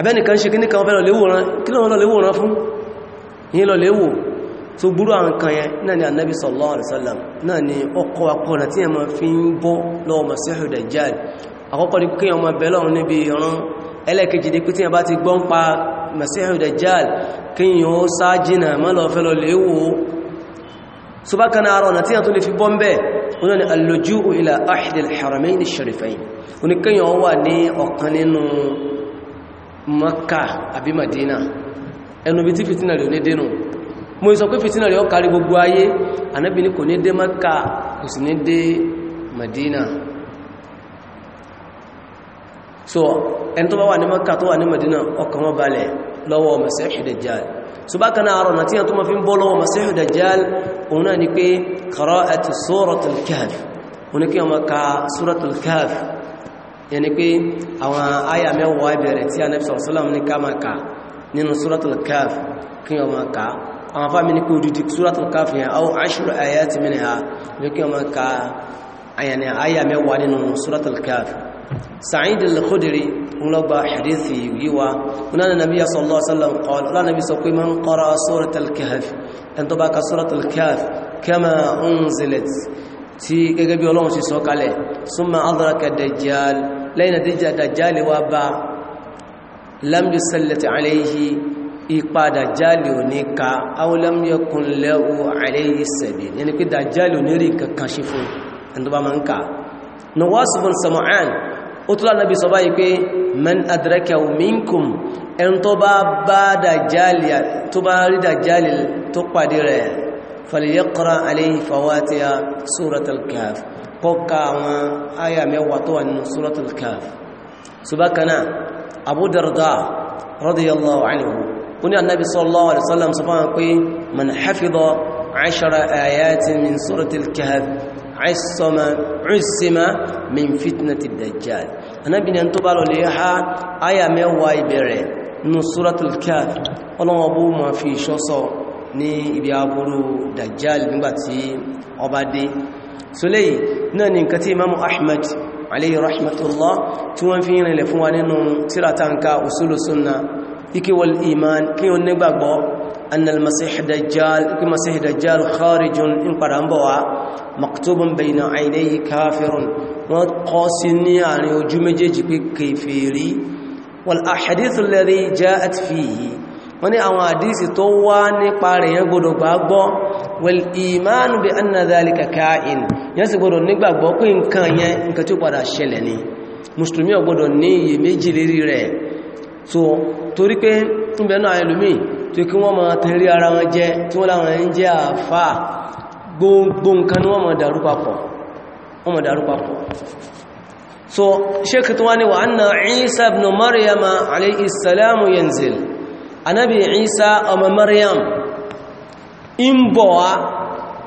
abẹ́nìkan ṣe kíníkan fẹ́ lọ́lẹ́wòrán fún yín lọ́lẹ́wò tó gbúrú àwọn kan yẹn náà ni annabi sallallahu alaihi wasallam náà ni ọkọ̀ akọ̀ọ̀nà tí ẹmọ fi ń bọ́ lọ́wọ́ masihu dajjal àkọ́kọ́ ni kí ọmọ bẹ̀lọ́ níbi ìran ẹlẹ́kejì ni pé tí ẹ bá ti gbọ́n pa masihu dajjal kí yíò sáájìnà mọ́ lọ fẹ́ lọ́lẹ́wò so bákan náà ọ̀nà tí ẹ tó lè fi bọ́ wà ní ọ̀kan nínú maka àbí madina ẹnu bí tí fìtínà rẹ̀ ní dénú mo sọ pé fìtínà rẹ̀ ó kárí gbogbo ayé ànábì ní kò ní dé maka kò sì ní dé madina so ẹni tó bá wà ní maka tó wà ní madina ọkàn wọn balẹ̀ lọ́wọ́ Masihu Dajjal so bákan náà àrọ̀nà tí wọ́n tó máa fi ń bọ́ lọ́wọ́ Masihu Dajjal òun yẹni pé àwọn àyà mẹ́wàá ìbẹ̀rẹ̀ tí a nẹ́bí sọ̀rọ̀sọ́lọ́m ní ká máa kà nínú suratul kaf kí wọ́n máa kà àwọn afá mi ní pé òdìdí suratul kaf yẹn àwọn ashru ayati minha bí kí wọ́n máa kà àyànní àyà mẹ́wàá nínú suratul kaf Sa'id al-Khudri ń lọ gba hadithi yìí wa wọn náà nàbí sallallahu alaihi wasallam qala lọ́nà nàbí sọ pé man qara suratul kaf ẹni tó lẹ́yìn àdíjà dàjálì wá bá lámjú sallati aléyìí ipa dàjálì ò ní ka awulamiyakun lẹ́wọ́ aléyìí sẹ̀bẹ̀ yẹni pé dàjálì ò ní rí kankan ṣe fún ẹ̀ndọ́bá ma ń ka Nawasu bin Sam'an ó tó lánàbí sọ báyìí pé man adrakahu kọ́ka àwọn àyà mẹ́wàá tó wà nínú suratul Kahf subakana Abu Darda radiyallahu anhu ó ní annabi sallallahu alaihi wasallam sọ fáwọn pé man hafidha ashara ayatin min suratul Kahf عصم عصم من فتنة الدجال أنا بني أن تبالو ليها آية ميواي بيري نو سورة الكهف ọlọ́run ọbú ma fi ṣọ́sọ̀ ní ibi aburú dajjal nígbàtí ọba so léyìí náà ni nǹkan tí imamu ahmad alayhi rahmatullah tí wọ́n fi rìnlẹ̀ fún wa nínú tíratanka usulu sunna ike wal iman kí o nígbàgbọ́ annal masih dajjal kí masih dajjal kharijun in padà ń bọ̀ wá ainihi kafirun wọ́n kọ́ sí ní àárín ojú méjèèjì pé kèfèrí wal ahadithu alladhi ja'at wal iman bi anna dhalika ka'in yẹn sì gbọ́dọ̀ nígbàgbọ́ pé nǹkan yẹn nǹkan tí ó padà ṣẹlẹ̀ ni mùsùlùmí ò gbọ́dọ̀ ní iyèméjì lérí rẹ̀ so torí pé níbẹ̀ náà ẹlòmí tí kí wọ́n máa tẹ̀rí ara wọn jẹ tí wọ́n láwọn ń jẹ́ àfà gbogbo nǹkan ni wọ́n so sheikh tó wá ní wa anna isa ibn maryam alayhi salam yanzil anabi ń bọ̀ wá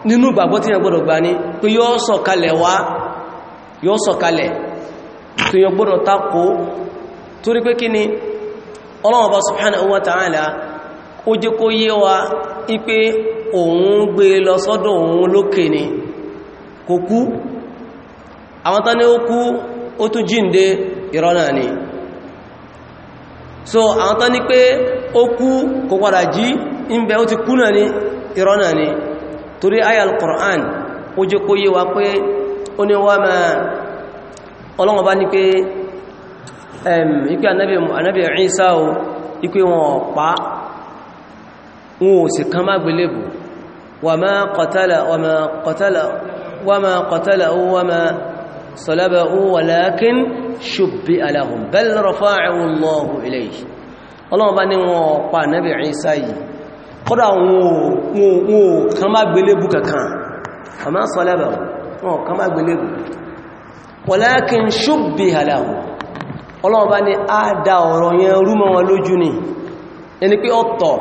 nínú ìgbàgbọ́ tí yẹn gbọ́dọ̀ gbà ní pé yóò sọ̀kalẹ̀ wá yóò sọ̀kalẹ̀ tó gbọ́dọ̀ takò torí pé kí ni Ọlọ́hun Ọba wa ta'ala ó jẹ́ kó yé wa e lọ so àwọn tán ní pé ó kú kò irọ́ náà ni torí ayà al-Qur'an ó jẹ́ kó yé wa pé ó ní wá máa ọlọ́wọ́ bá ní pé ipé anábì Ìsá o ipé wọn ọ̀pá wọn ò sì kán má gbélébù wa ma qatala wa ma ọlọ́wọ́ bá ní wọn ọ̀pá anábì Ìsá yìí kọ́dọ̀ wọn ò kàn má gbélébù kankan àmá sọ́lábà wọn kàn má gbélébù walakin shubbiha lahu ọlọ́ọ̀bá ni a dá ọ̀rọ̀ yẹn rúmọ wọn lójú ni ẹni pé ọ̀tọ̀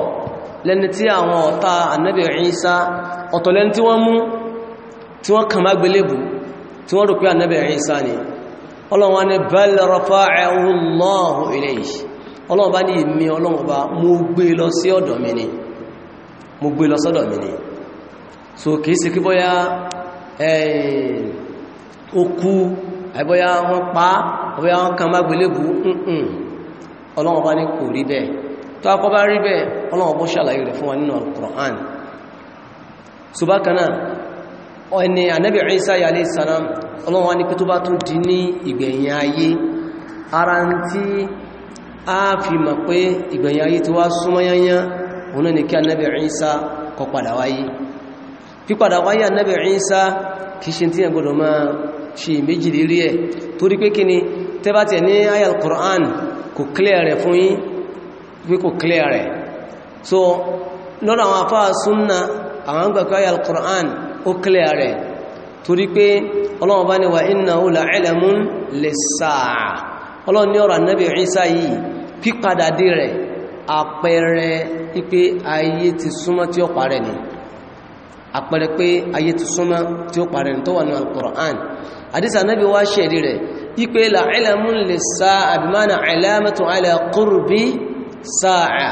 lẹni tí àwọn ọ̀tá Ànábì Ìsá ọ̀tọ̀ lẹni tí wọ́n mú tí wọ́n kàn má gbélébù tí wọ́n rò pé Ànábì Ìsá ni ọlọ́wọ́n ni bal rafa'ahu Allahu ilayhi ọlọ́ọ̀bá ni ìmí ọlọ́ọ̀bá mú gbé lọ sí ọ̀dọ̀ mi ni mo gbé lọ sọ́dọ̀ mi ni so kìí sí kí bóyá okú àìbóyá wọ́n pa àbóyá wọ́n kan má gbélébù kò rí bẹ́ẹ̀ tó akọ́ bá rí bẹ́ẹ̀ bó ṣàlàyé rẹ̀ fún nínú a fi mọ̀ pé ìgbẹ̀yìn òun náà ni kí anábì Ìsá kọ padà wáyé pípadà wáyé anábì Ìsá kìí ṣe tí ẹgbọ́dọ̀ máa ṣe méjì lérí ẹ̀ torí pé kí ni tẹ́bàtì ní ayal Qur'an kò clear rẹ̀ fún yín pé kò clear rẹ̀ so lọ́nà àwọn afá súnnà àwọn gbàgbé ayal Qur'an ó clear rẹ̀ torí pé ọlọ́wọ́n bá ní wa innahu la'ilmun lis-sa'a ọlọ́wọ́n pípadà dé rẹ̀ àpẹẹrẹ pípé ayé ti súnmọ́ tí ó parẹ́ ni àpẹẹrẹ pé ayé ti súnmọ́ tí ó parẹ́ ni tó wà ní al-Qur'an àdísà náà bí wá ṣẹ̀rí rẹ̀ pípé la'ilamun lis-sa'a bima'na 'alamatun 'ala qurbi sa'a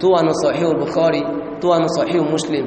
tó wà ní Sahih Bukhari tó wà ní Sahih Muslim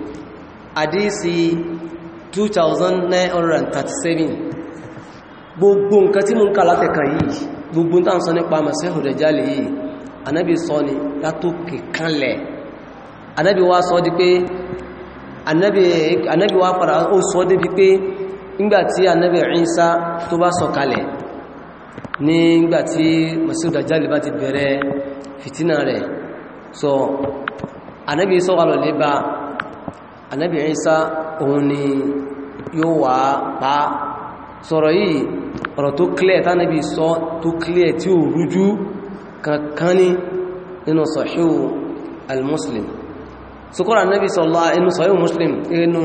àdísí 2937 gbogbo nǹkan tí mo ń kà látẹ̀kàn yìí gbogbo ń tàn sọ nípa Masihu Dajjal yìí anábi sọ ni látòkè kanlẹ̀ anábi wá sọ di pé anábi wá padà ó sọ débi pé ńgbàtí anábi Ìsá tó bá sọ kalẹ̀ ní ńgbàtí Masihu Dajjal bá ti bẹ̀rẹ̀ fìtínà rẹ̀ so anábi sọ wà lọ lé bá ànábì Ìsá òun ni yóò wà pa sọ̀rọ̀ yìí ọ̀rọ̀ tó clear tánàbí sọ tó clear tí ó rújú kankan ní inú Sahih al-Muslim sukura nabi sallallahu inu sahih muslim inu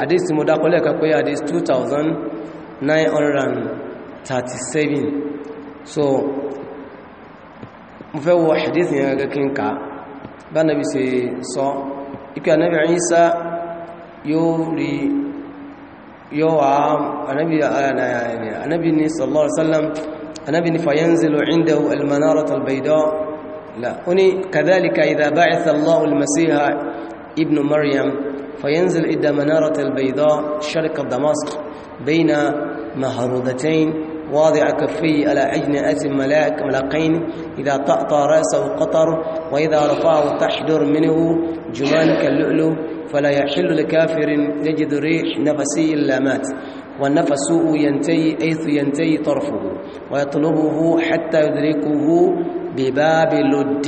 hadith mo da kole kan 2937 so mo fẹ́ wo hadith yẹn ga kin ka ba nabi sọ ipe nabi Isa يوري يو عام يعني النبي صلى الله عليه وسلم النبي فينزل عنده المنارة البيضاء لا هني كذلك إذا بعث الله المسيح ابن مريم فينزل إلى منارة البيضاء شرق دمشق بين مهرودتين واضع كفيه على ملاك ملاقين إذا تأطى رأسه قطر وإذا رفعه تحضر منه جمان كاللؤلؤ فلا يحل لكافر يجد ريح نفسي إلا مات والنفس ينتهي حيث ينتهي طرفه ويطلبه حتى يدركه بباب لد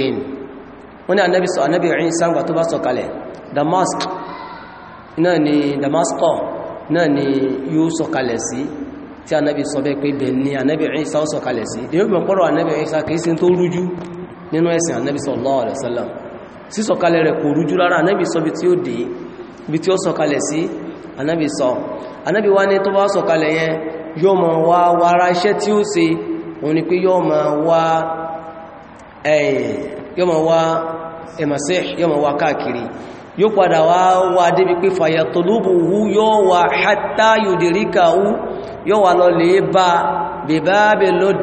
هنا النبي صلى الله عليه وسلم قال تبا عليه دمشق náà ni Damascus náà ni tí anábì sọ bẹ́ pé bẹ̀ ní anábì Ìsá ó sọ̀kalẹ̀ sí èyí mọ̀ pọ́rọ̀ anábì Ìsá kìí sí tó rújú nínú ẹ̀sìn anábì sallallahu alaihi wasallam sí sọ̀kalẹ̀ rẹ̀ kò rújú rárá anábì sọ bí tí ó dé bí tí ó sọ̀kalẹ̀ sí anábì sọ anábì wá ní tó bá sọ̀kalẹ̀ yẹn yóò mọ̀ wá wára iṣẹ́ tí pé yóò mọ̀ yóò mọ̀ wá yóò mọ̀ wá yóò wà lọ lè bá bèbáàbè lòd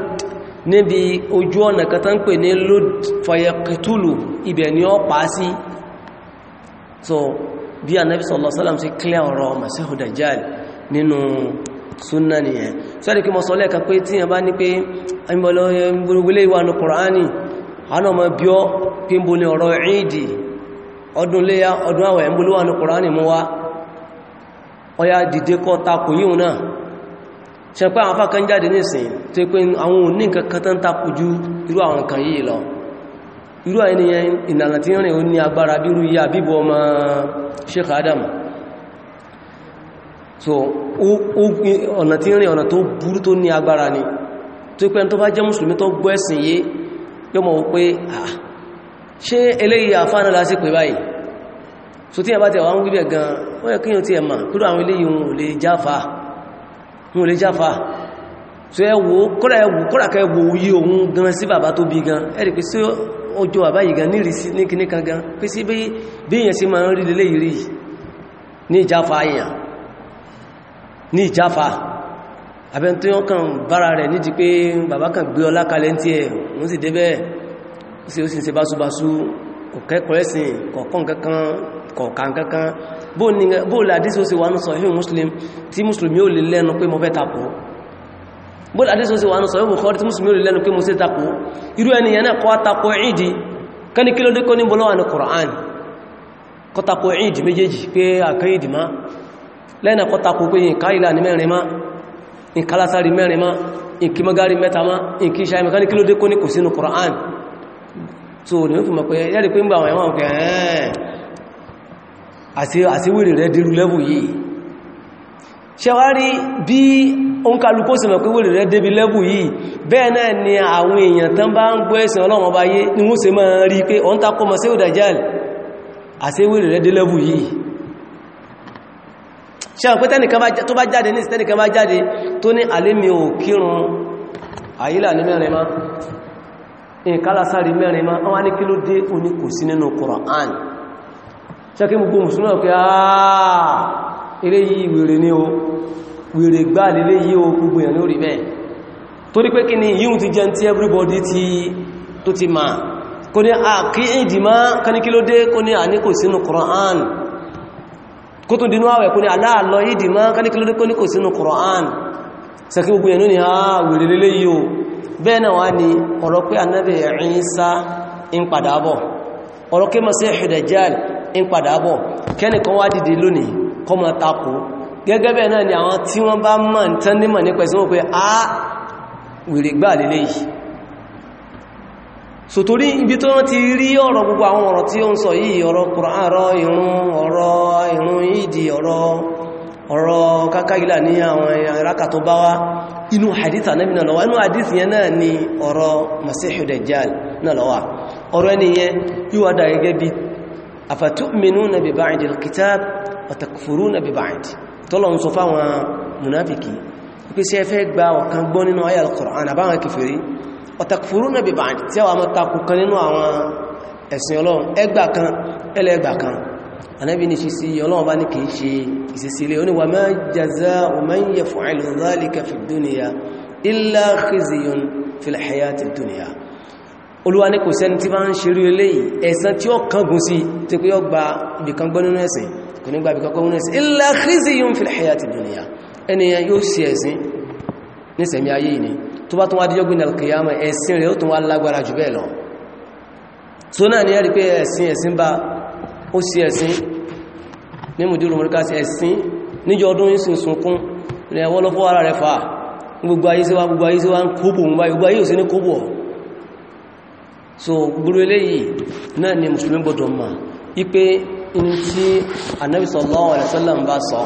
níbi ojú ọ̀nà kan tó ń pè ní lòd fayaqtulu ibẹ̀ ni ó pa sí so bí Ànábì sallallahu alaihi wasallam sí clear ọ̀rọ̀ Masihu Dajjal nínú súnnà nìyẹn sọ́dí kí mọ́ sọ lẹ́ẹ̀kan pé tí yẹn bá ní pé ìmọ̀lọ́wọ́lé ìwà ní Kùránì àwọn ọmọ bí ọ́ pé ń bo ní ọ̀rọ̀ ìdí ọdún léyá ọdún àwẹ̀ ń ní Kùránì mú wá ọya dìde kọ́ takò yíò náà ṣe pé àwọn afákan jáde nísìn tó pé àwọn òní nǹkan kan tán tapò ju irú àwọn nǹkan yìí lọ irú àìníyàn ìlànà tí rìn ó ní agbára bí irú ìyá bíbọ ọmọ Sheikh Adam so ọ̀nà tí rìn ọ̀nà tó burú tó ní agbára ni tó pé tó bá jẹ́ mùsùlùmí tó gbọ́ ẹ̀sìn yé yọmọ wọ pé ṣé eléyìí àfáànà lásì pé báyìí so tí ẹ bá tẹ̀ wá wíbẹ̀ gan wọ́n yẹ kíyàn tí ẹ mà kúrò àwọn eléyìí ò lè jáfàá ní olè jáfà so ẹwò kọ́làkẹ́ wò yí òun gan sí bàbá tó bí gan ẹ̀rì pé sí ọjọ́ Baba yìí gan nírí sí ní kíníkan gan pé sí bí èèyàn sí máa ń rí lélé ìrí ní ìjáfà èèyàn ní ìjáfà abẹ́n tó yán kàn bára rẹ̀ nídi pé bàbá kan gbé ọlá kalẹ̀ ń tiẹ̀ òun sì débẹ̀ sí ó sì ń ṣe básubásu kọ̀kẹ́kọ̀ẹ́sìn kọ̀ọ̀kan kankan kọ̀ọ̀kan kankan bóòlù àdísí ó sì wà ní muslim tí musulmi ó lè lẹ́nu pé mo fẹ́ tapò bóòlù àdísí ó sì wà ní sọ̀hí bukhari tí musulmi ó lè lẹ́nu pé mo sí tapò irú ẹniyàn náà kọ́ tapò ìdí kẹ́ni kí ló dé kọ́ ní bọ́lọ́wà ní Qur'an kọ́ tapò ìdí méjèèjì pé àkẹ́ìdì má lẹ́nà kọ́ àṣíwèrè rẹ̀ dérú lẹ́bù yìí ṣẹwárí bí oun kálukó sí mẹ́kú wèrè rẹ̀ débi lẹ́bù yìí bẹ́ẹ̀ náà ni àwọn èèyàn tán bá ń gbọ́ ẹ̀sìn ọlọ́run ọba yé ni wọ́n ṣe máa rí pé ọ́n takọ́ mọ́ sí òdàjáàlì àṣíwèrè mẹ́rin má wọ́n á ní kí ló dé oní sí nínú Kùránì sẹ́kí gbogbo mùsùlùmí ọ̀kẹ́ àà eré yìí wèrè ní o wèrè gbá lélé yìí o gbogbo èèyàn lórí bẹ́ẹ̀ torí pé kí ni yíò ti jẹun tí everybody ti tó ti ma kó ní a kí ìdìmá kánikílódé kó ní a ní sínú Qur'an kó tún dínú àwẹ̀ kó ní aláàlọ́ ìdìmá kánikílódé kó ní kò sínú Qur'an sẹ́kí gbogbo èèyàn ní àà wèrè lélé yìí o bẹ́ẹ̀ náà wá ń padà bọ̀ kẹ́nìkan wá dìde lónìí kọ́ ma takò gẹ́gẹ́ bẹ́ẹ̀ náà ni àwọn tí wọ́n bá mọ̀ tán nímọ̀ nípa ìsinmọ̀ pé a wèrè gbà lélẹ̀ yìí so torí ibi tó wọ́n ti rí ọ̀rọ̀ gbogbo àwọn ọ̀rọ̀ tí ó ń sọ yìí ọ̀rọ̀ kùránrọ̀ ìrun ọ̀rọ̀ ìrun ìdí ọ̀rọ̀ ọ̀rọ̀ kákàgílà ní àwọn ìrákà tó bá ni ọ̀rọ̀ masihu dajjal náà lọ́wọ́ ọ̀rọ̀ ẹni yẹn yíwádà gẹ́gẹ́ afatu'minuna bi ba'di al-kitab wa takfuruna bi ba'di tọ́lọ̀ ń sọ fáwọn munafiki pé sí ẹfẹ́ gba ọ̀kan gbọ́ nínú ayà al-Qur'an àbáwọn kèfèrí wa takfuruna bi ba'di tí àwọn mọ́takù kan nínú àwọn ẹ̀sìn ọlọ́run ẹgbà kan ẹlẹ́gbà kan anábi ní ṣíṣí ọlọ́run bá ní kìí ṣe ìṣẹ́sílẹ̀ ó ní wa ma jaza'u man yaf'alu dhalika fi dunya illa khizyun fil hayati dunya olúwa ní kò sẹ́ni tí bá ń ṣe rí ilé ẹ̀san tí ó kángun sí tí kò yọ gba ibìkan gbọ́ nínú ẹ̀sìn kò ní gba ibìkan gbọ́ nínú ẹ̀sìn illa khizyun fil hayati dunya ẹniyàn yóò sí ẹ̀sìn ní sẹ̀mí ayé ni tó bá tún ni ẹ̀rí pé ẹ̀sìn ẹ̀sìn bá ó sí ẹ̀sìn ní mùdírù mọ́ríkà sí gbogbo ayé sí wa gbogbo ayé sí wa ń kóbò ń báyìí gbogbo ayé ò sí ní kóbò so gbúrú eléyìí na ni musulmi gbọdọ̀ ma ipé in tí Ànábì sallallahu alaihi wasallam bá sọ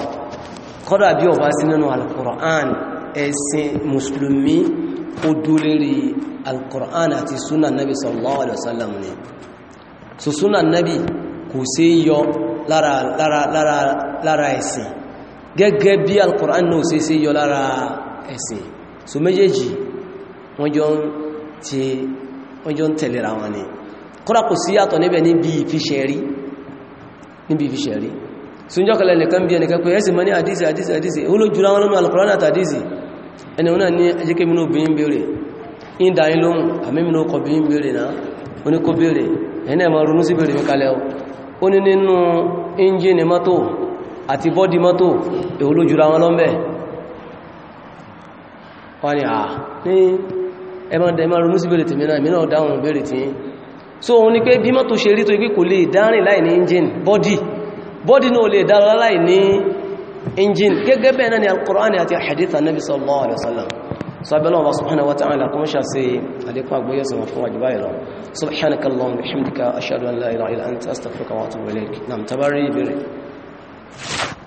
kọ́dà bí ọba sí nínú al-Qur'an ẹ̀sìn musulmi ó dúlérí al-Qur'an àti súnà sallallahu alaihi wasallam ni so súnà nabi kò sí yọ lara lara lára lára ẹ̀sìn gẹ́gẹ́ bí al-Qur'an náà sí sí yọ lára so mejeji wọ́n jọ ti wọ́n jọ ń tẹ̀lera wọn ni kọ́lá kò sí yàtọ̀ níbẹ̀ níbi ìfiṣẹ̀rí níbi ìfiṣẹ̀rí sunjọ́ kẹlẹ̀ nìkan bí ẹnìkan pé ẹsì mọ́ ní àdísì àdísì àdísì ó ló jùra wọn lọ́nà alùkùránà àtàdísì ẹni wọn náà ní ajẹ́kẹ́ mínú obìnrin béèrè ń da yín lóhùn àmì mínú ọkọ̀ obìnrin nínú ẹ́ńjìnì ni ní ẹmọ ronú sí bèèrè tèmi náà èmi náà dáhùn bèèrè tí yín so òun ni pé bí mọ́tò ṣe rí tó ipé kò lè dárìn láì ní engine body body náà lè dára láì engine gẹ́gẹ́ bẹ́ẹ̀ náà ni al hadith Ànábì sallallahu alaihi wasallam subhanahu wa ta'ala kún ṣà sí àlékún agbóyẹ̀sìn fún àjúbá ìlọ subhanakallahumma wa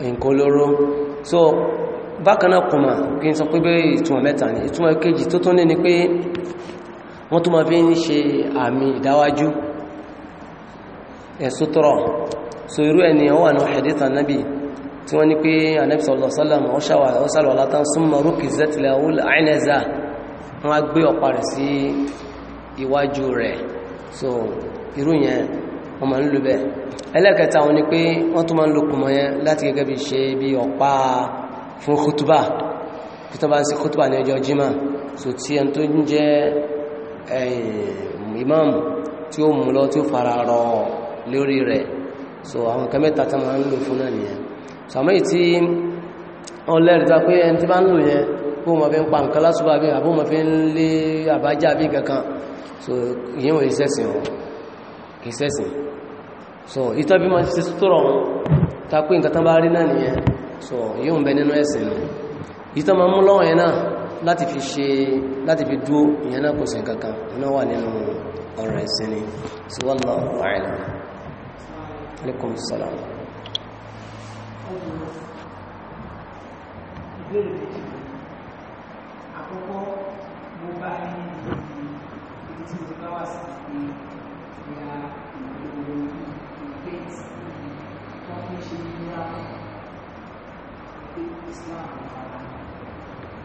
nǹkan olóró so bákanáà kùnmà kí n sọ pé bẹ́ẹ̀ ìtumọ̀ mẹ́ta ni ìtumọ̀ kejì tó tún ní ni pé wọ́n tó máa fi ń ṣe àmì ìdáwájú ẹ̀sùn tọrọ so irú ẹni ọwà náà hadithan nabi tí wọ́n ní pé anabi sallallahu alaihi wasallam ọ̀ṣàwà ọ̀ṣàlọ́lá tán súnmọ́ so irú yẹn wọ́n ma ń lò bẹ́ẹ̀ ẹlẹ́ẹ̀kẹta wọn ni pé wọ́n tún ma ń lo kùmọ̀ yẹn láti gẹ́gẹ́ bí ṣe bí ọ̀pá fún kútùbà kútùbà sí kútùbà ní ọjọ́ jímà so tí ẹn tó ń jẹ́ eh, imam tí ó mú lọ tí ó fara rọ lórí rẹ̀ so àwọn kan mẹ́ta tó ma ń lò fún náà nìyẹn so àmọ́ èyí tí wọ́n lẹ́rìí ta pé so ìyẹn ò ìṣẹ́sìn ò ìṣẹ́sìn so ìtọ́ bí ma ṣe sútọ́rọ̀ wọn takú nǹkan tán bá rí náà nìyẹn so yíò ń bẹ nínú ẹ̀sìn nù ìtọ́ ma mú lọ́wọ́ yẹn náà láti fi ṣe láti fi dúó ìyẹn náà kò sí kankan iná wà nínú ọ̀rọ̀ ẹ̀sìn ni so wallahu a'lam alaikum salam sí ìyá ìgbòho pé wọ́n fi ṣe ìlera pé Islam fara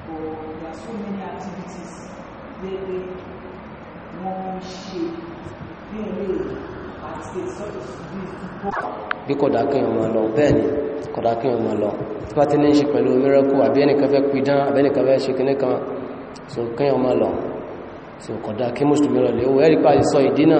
for there are so many activities lẹ́gbẹ́ wọ́n ń ṣe bí ilé àti ìsọ́tò bí ìfúnpọ̀. bí kódà kí wọ́n máa lọ bẹ́ẹ̀ ni kódà kí wọ́n máa lọ tí wọ́n ti ní ṣe pẹ̀lú mẹ́rẹ́kù àbí ẹnìkan fẹ́ pidán àbí ẹnìkan fẹ́ ṣe kinní kan so kí wọ́n máa lọ so kódà kí mùsùlùmí rẹ̀ léwu ẹ̀rí pa ìsọ ìdínà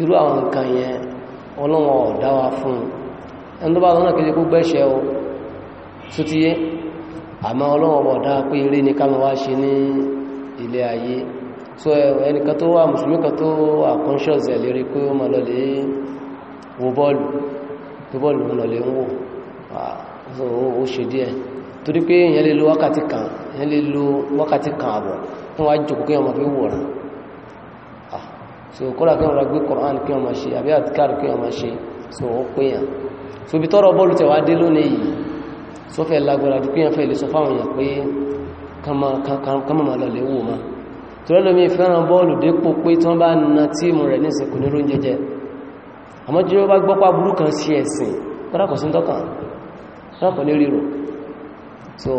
Iru àwọn nǹkan yẹn ọlọ́wọ́n ọ̀dá wa fún ẹni tó bá lọ́nà kejì kó gbẹ́ṣẹ́ o tó ti yé àmọ́ ọlọ́wọ́n ọ̀dá pé eré ní ká wá ṣe ayé so ẹnìkan tó wà mùsùlùmí kan tó wà conscious lérí pé ó máa lọ wo bọ́ọ̀lù tó bọ́ọ̀lù wò lo kan so kọ́lá kí wọ́n ra gbé Qur'an kí wọ́n máa ṣe àbí àtikáàrì kí wọ́n máa ṣe so ó pé yàn so ibi tọ́rọ bọ́ọ̀lù tẹ̀wá dé lónìí yìí sọ́fẹ́ lágbára dúpé yàn fẹ́ lè sọ fáwọn èèyàn pé kánmà máa lọ lè wò má tó lẹ́lọ́mí fẹ́ràn bọ́ọ̀lù dépò pé tí wọ́n bá na tíìmù so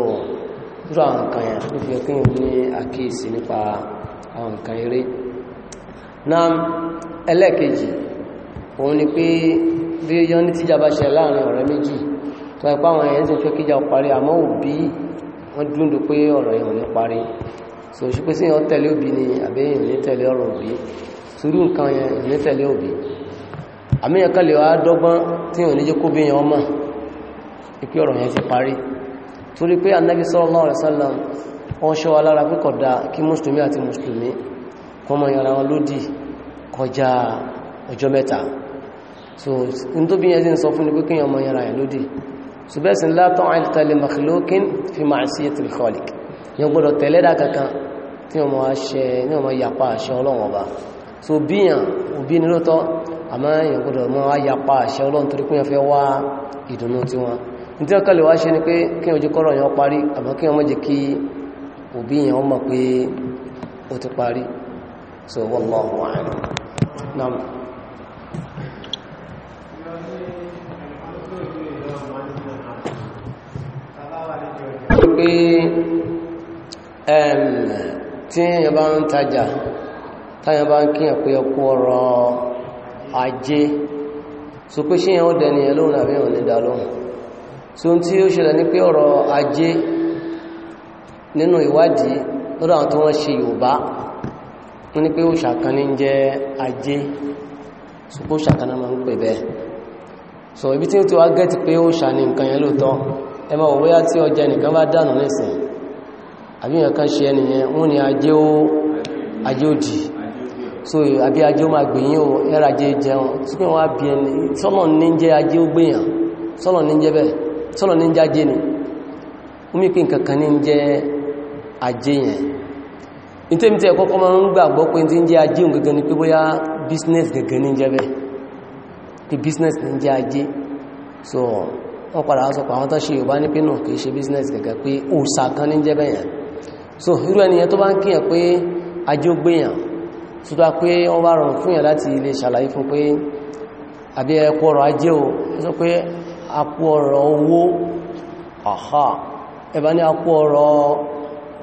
tó àwọn nǹkan yẹn ló fi àwọn nǹkan eré náà ẹlẹ́ẹ̀kejì òun ni pé bí yọ ní tíjà bá ṣe láàrin ọ̀rẹ́ méjì tó ẹ̀pá àwọn èèyàn sì fẹ́ kíjà parí àmọ́ òbí wọ́n dúndú pé ọ̀rọ̀ yìí ní parí so ṣe pé sí ìyàn tẹ̀lé òbí ni àbí èèyàn ní tẹ̀lé ọ̀rọ̀ òbí sùúrù nǹkan yẹn ní tẹ̀lé òbí àmì yẹn kan lè wá dọ́gbọ́n tí ò ní jẹ́ kó bí yẹn ọmọ kọ́ mọ́ yọra wọn lódì kọjá ọjọ́ mẹ́ta so n tó bí yẹn sí ń sọ fún ní pé kíyàn mọ́ yọra yẹn lódì so bẹ́ẹ̀ sí látọ̀ àìtàlẹ̀ makhlukin fi ma'siyatil khaliq yẹn gbọ́dọ̀ tẹ̀lé dá kankan tí wọ́n máa ṣe ní ọmọ yapa àṣẹ ọlọ́wọ́n ọba òbí ni lóòtọ́ àmọ́ yẹn gbọ́dọ̀ máa yapa àṣẹ ọlọ́run torí pé yẹn fẹ́ wá ni pé kí wọ́n jẹ́ kọ́rọ̀ yẹn parí àmọ́ kí wọ́n mọ́ pé ó ti parí so wallahu a'lam nam pé tí èyàn bá ń tajà táyàn bá ń kíyàn pé ọkú ọrọ̀ ajé so pé ṣe yẹn ó dẹni ẹ lóhun àbí ìwọ̀n nídà lóhun so tí ó ṣẹlẹ̀ ní pé ọrọ̀ ajé nínú ìwádìí lọ́dọ̀ àwọn tó wọ́n ṣe Yorùbá wọ́n ní pé òṣà kan ní jẹ́ ajé ṣùgbọ́n òṣà kan so ibi tí ó ti wá gẹ́ẹ̀tì pé òṣà ní nǹkan yẹn lóòótọ́ ẹ máa wò tí ọjà nìkan bá dànù nísìn kan ṣe ẹnìyẹn wọ́n ajé ó ajé ó dì so àbí ajé ó máa o ẹ̀rọ ajé jẹun tí wọ́n bí gbìyàn ní tẹ́mi tẹ́ kọ́kọ́ máa ń gbàgbọ́ pé tí ń jẹ́ ajé òun gẹ́gẹ́ ni pé bóyá business gẹ́gẹ́ ní jẹ́ bẹ́ẹ̀ pé business ní jẹ́ ajé so wọ́n padà sọ pé àwọn tó ṣe yorùbá ní pé kìí ṣe business gẹ́gẹ́ pé òòsà kan ní jẹ́ bẹ́ẹ̀ yẹn so irú ẹniyẹn tó bá ń kíyàn pé ajé ó gbéyàn tó dá pé wọ́n bá rọrùn fún yàn láti ilé ṣàlàyé fún pé àbí ẹkú ọrọ̀ ajé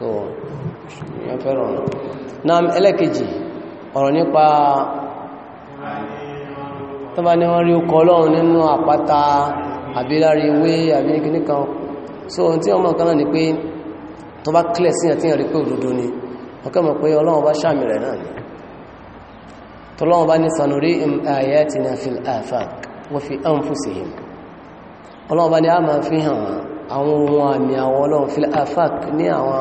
so ìyẹn fẹ́ràn náà ẹlẹ́kejì ọ̀rọ̀ nípa tó ní wọ́n rí ọkọ̀ ọlọ́run nínú àpáta àbílárí ewé so ohun tí ọmọ kan náà ni pé tó bá kílẹ̀ síyàn tí yàn pé òdodo ni ọkẹ́mọ̀ pé ọlọ́run bá sàmì rẹ̀ náà ni tọ́lọ́run bá ní sanúrí ayatina ní fi àwọn ohun àmì àwọn ọlọ́run fil afak ní àwọn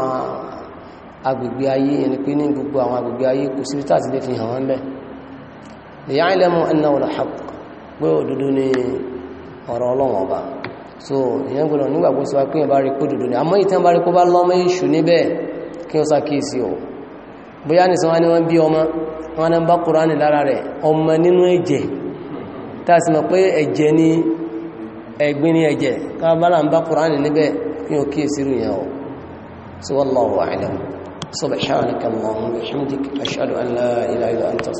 agbègbè ayé ẹni pé ní gbogbo àwọn agbègbè ayé kò sí tàbí lè fi hàn wọ́n bẹ́ lè yá ilẹ̀mọ́ ẹ̀nà al-haq pé òdodo ni ọ̀rọ̀ ọlọ́run ọba so ìyẹn gbọ́dọ̀ nígbàgbọ́ ni àmọ́ ìtẹ́ bá rí ẹ̀gbin ní ẹ̀jẹ̀ káàbálà ń bá kùránì níbẹ̀ kí o kíyèsí rú yẹn o sí wọ́n lọ́wọ́ àìlẹ́m subhanaka allahumma wa bihamdika ashhadu an la ilaha illa anta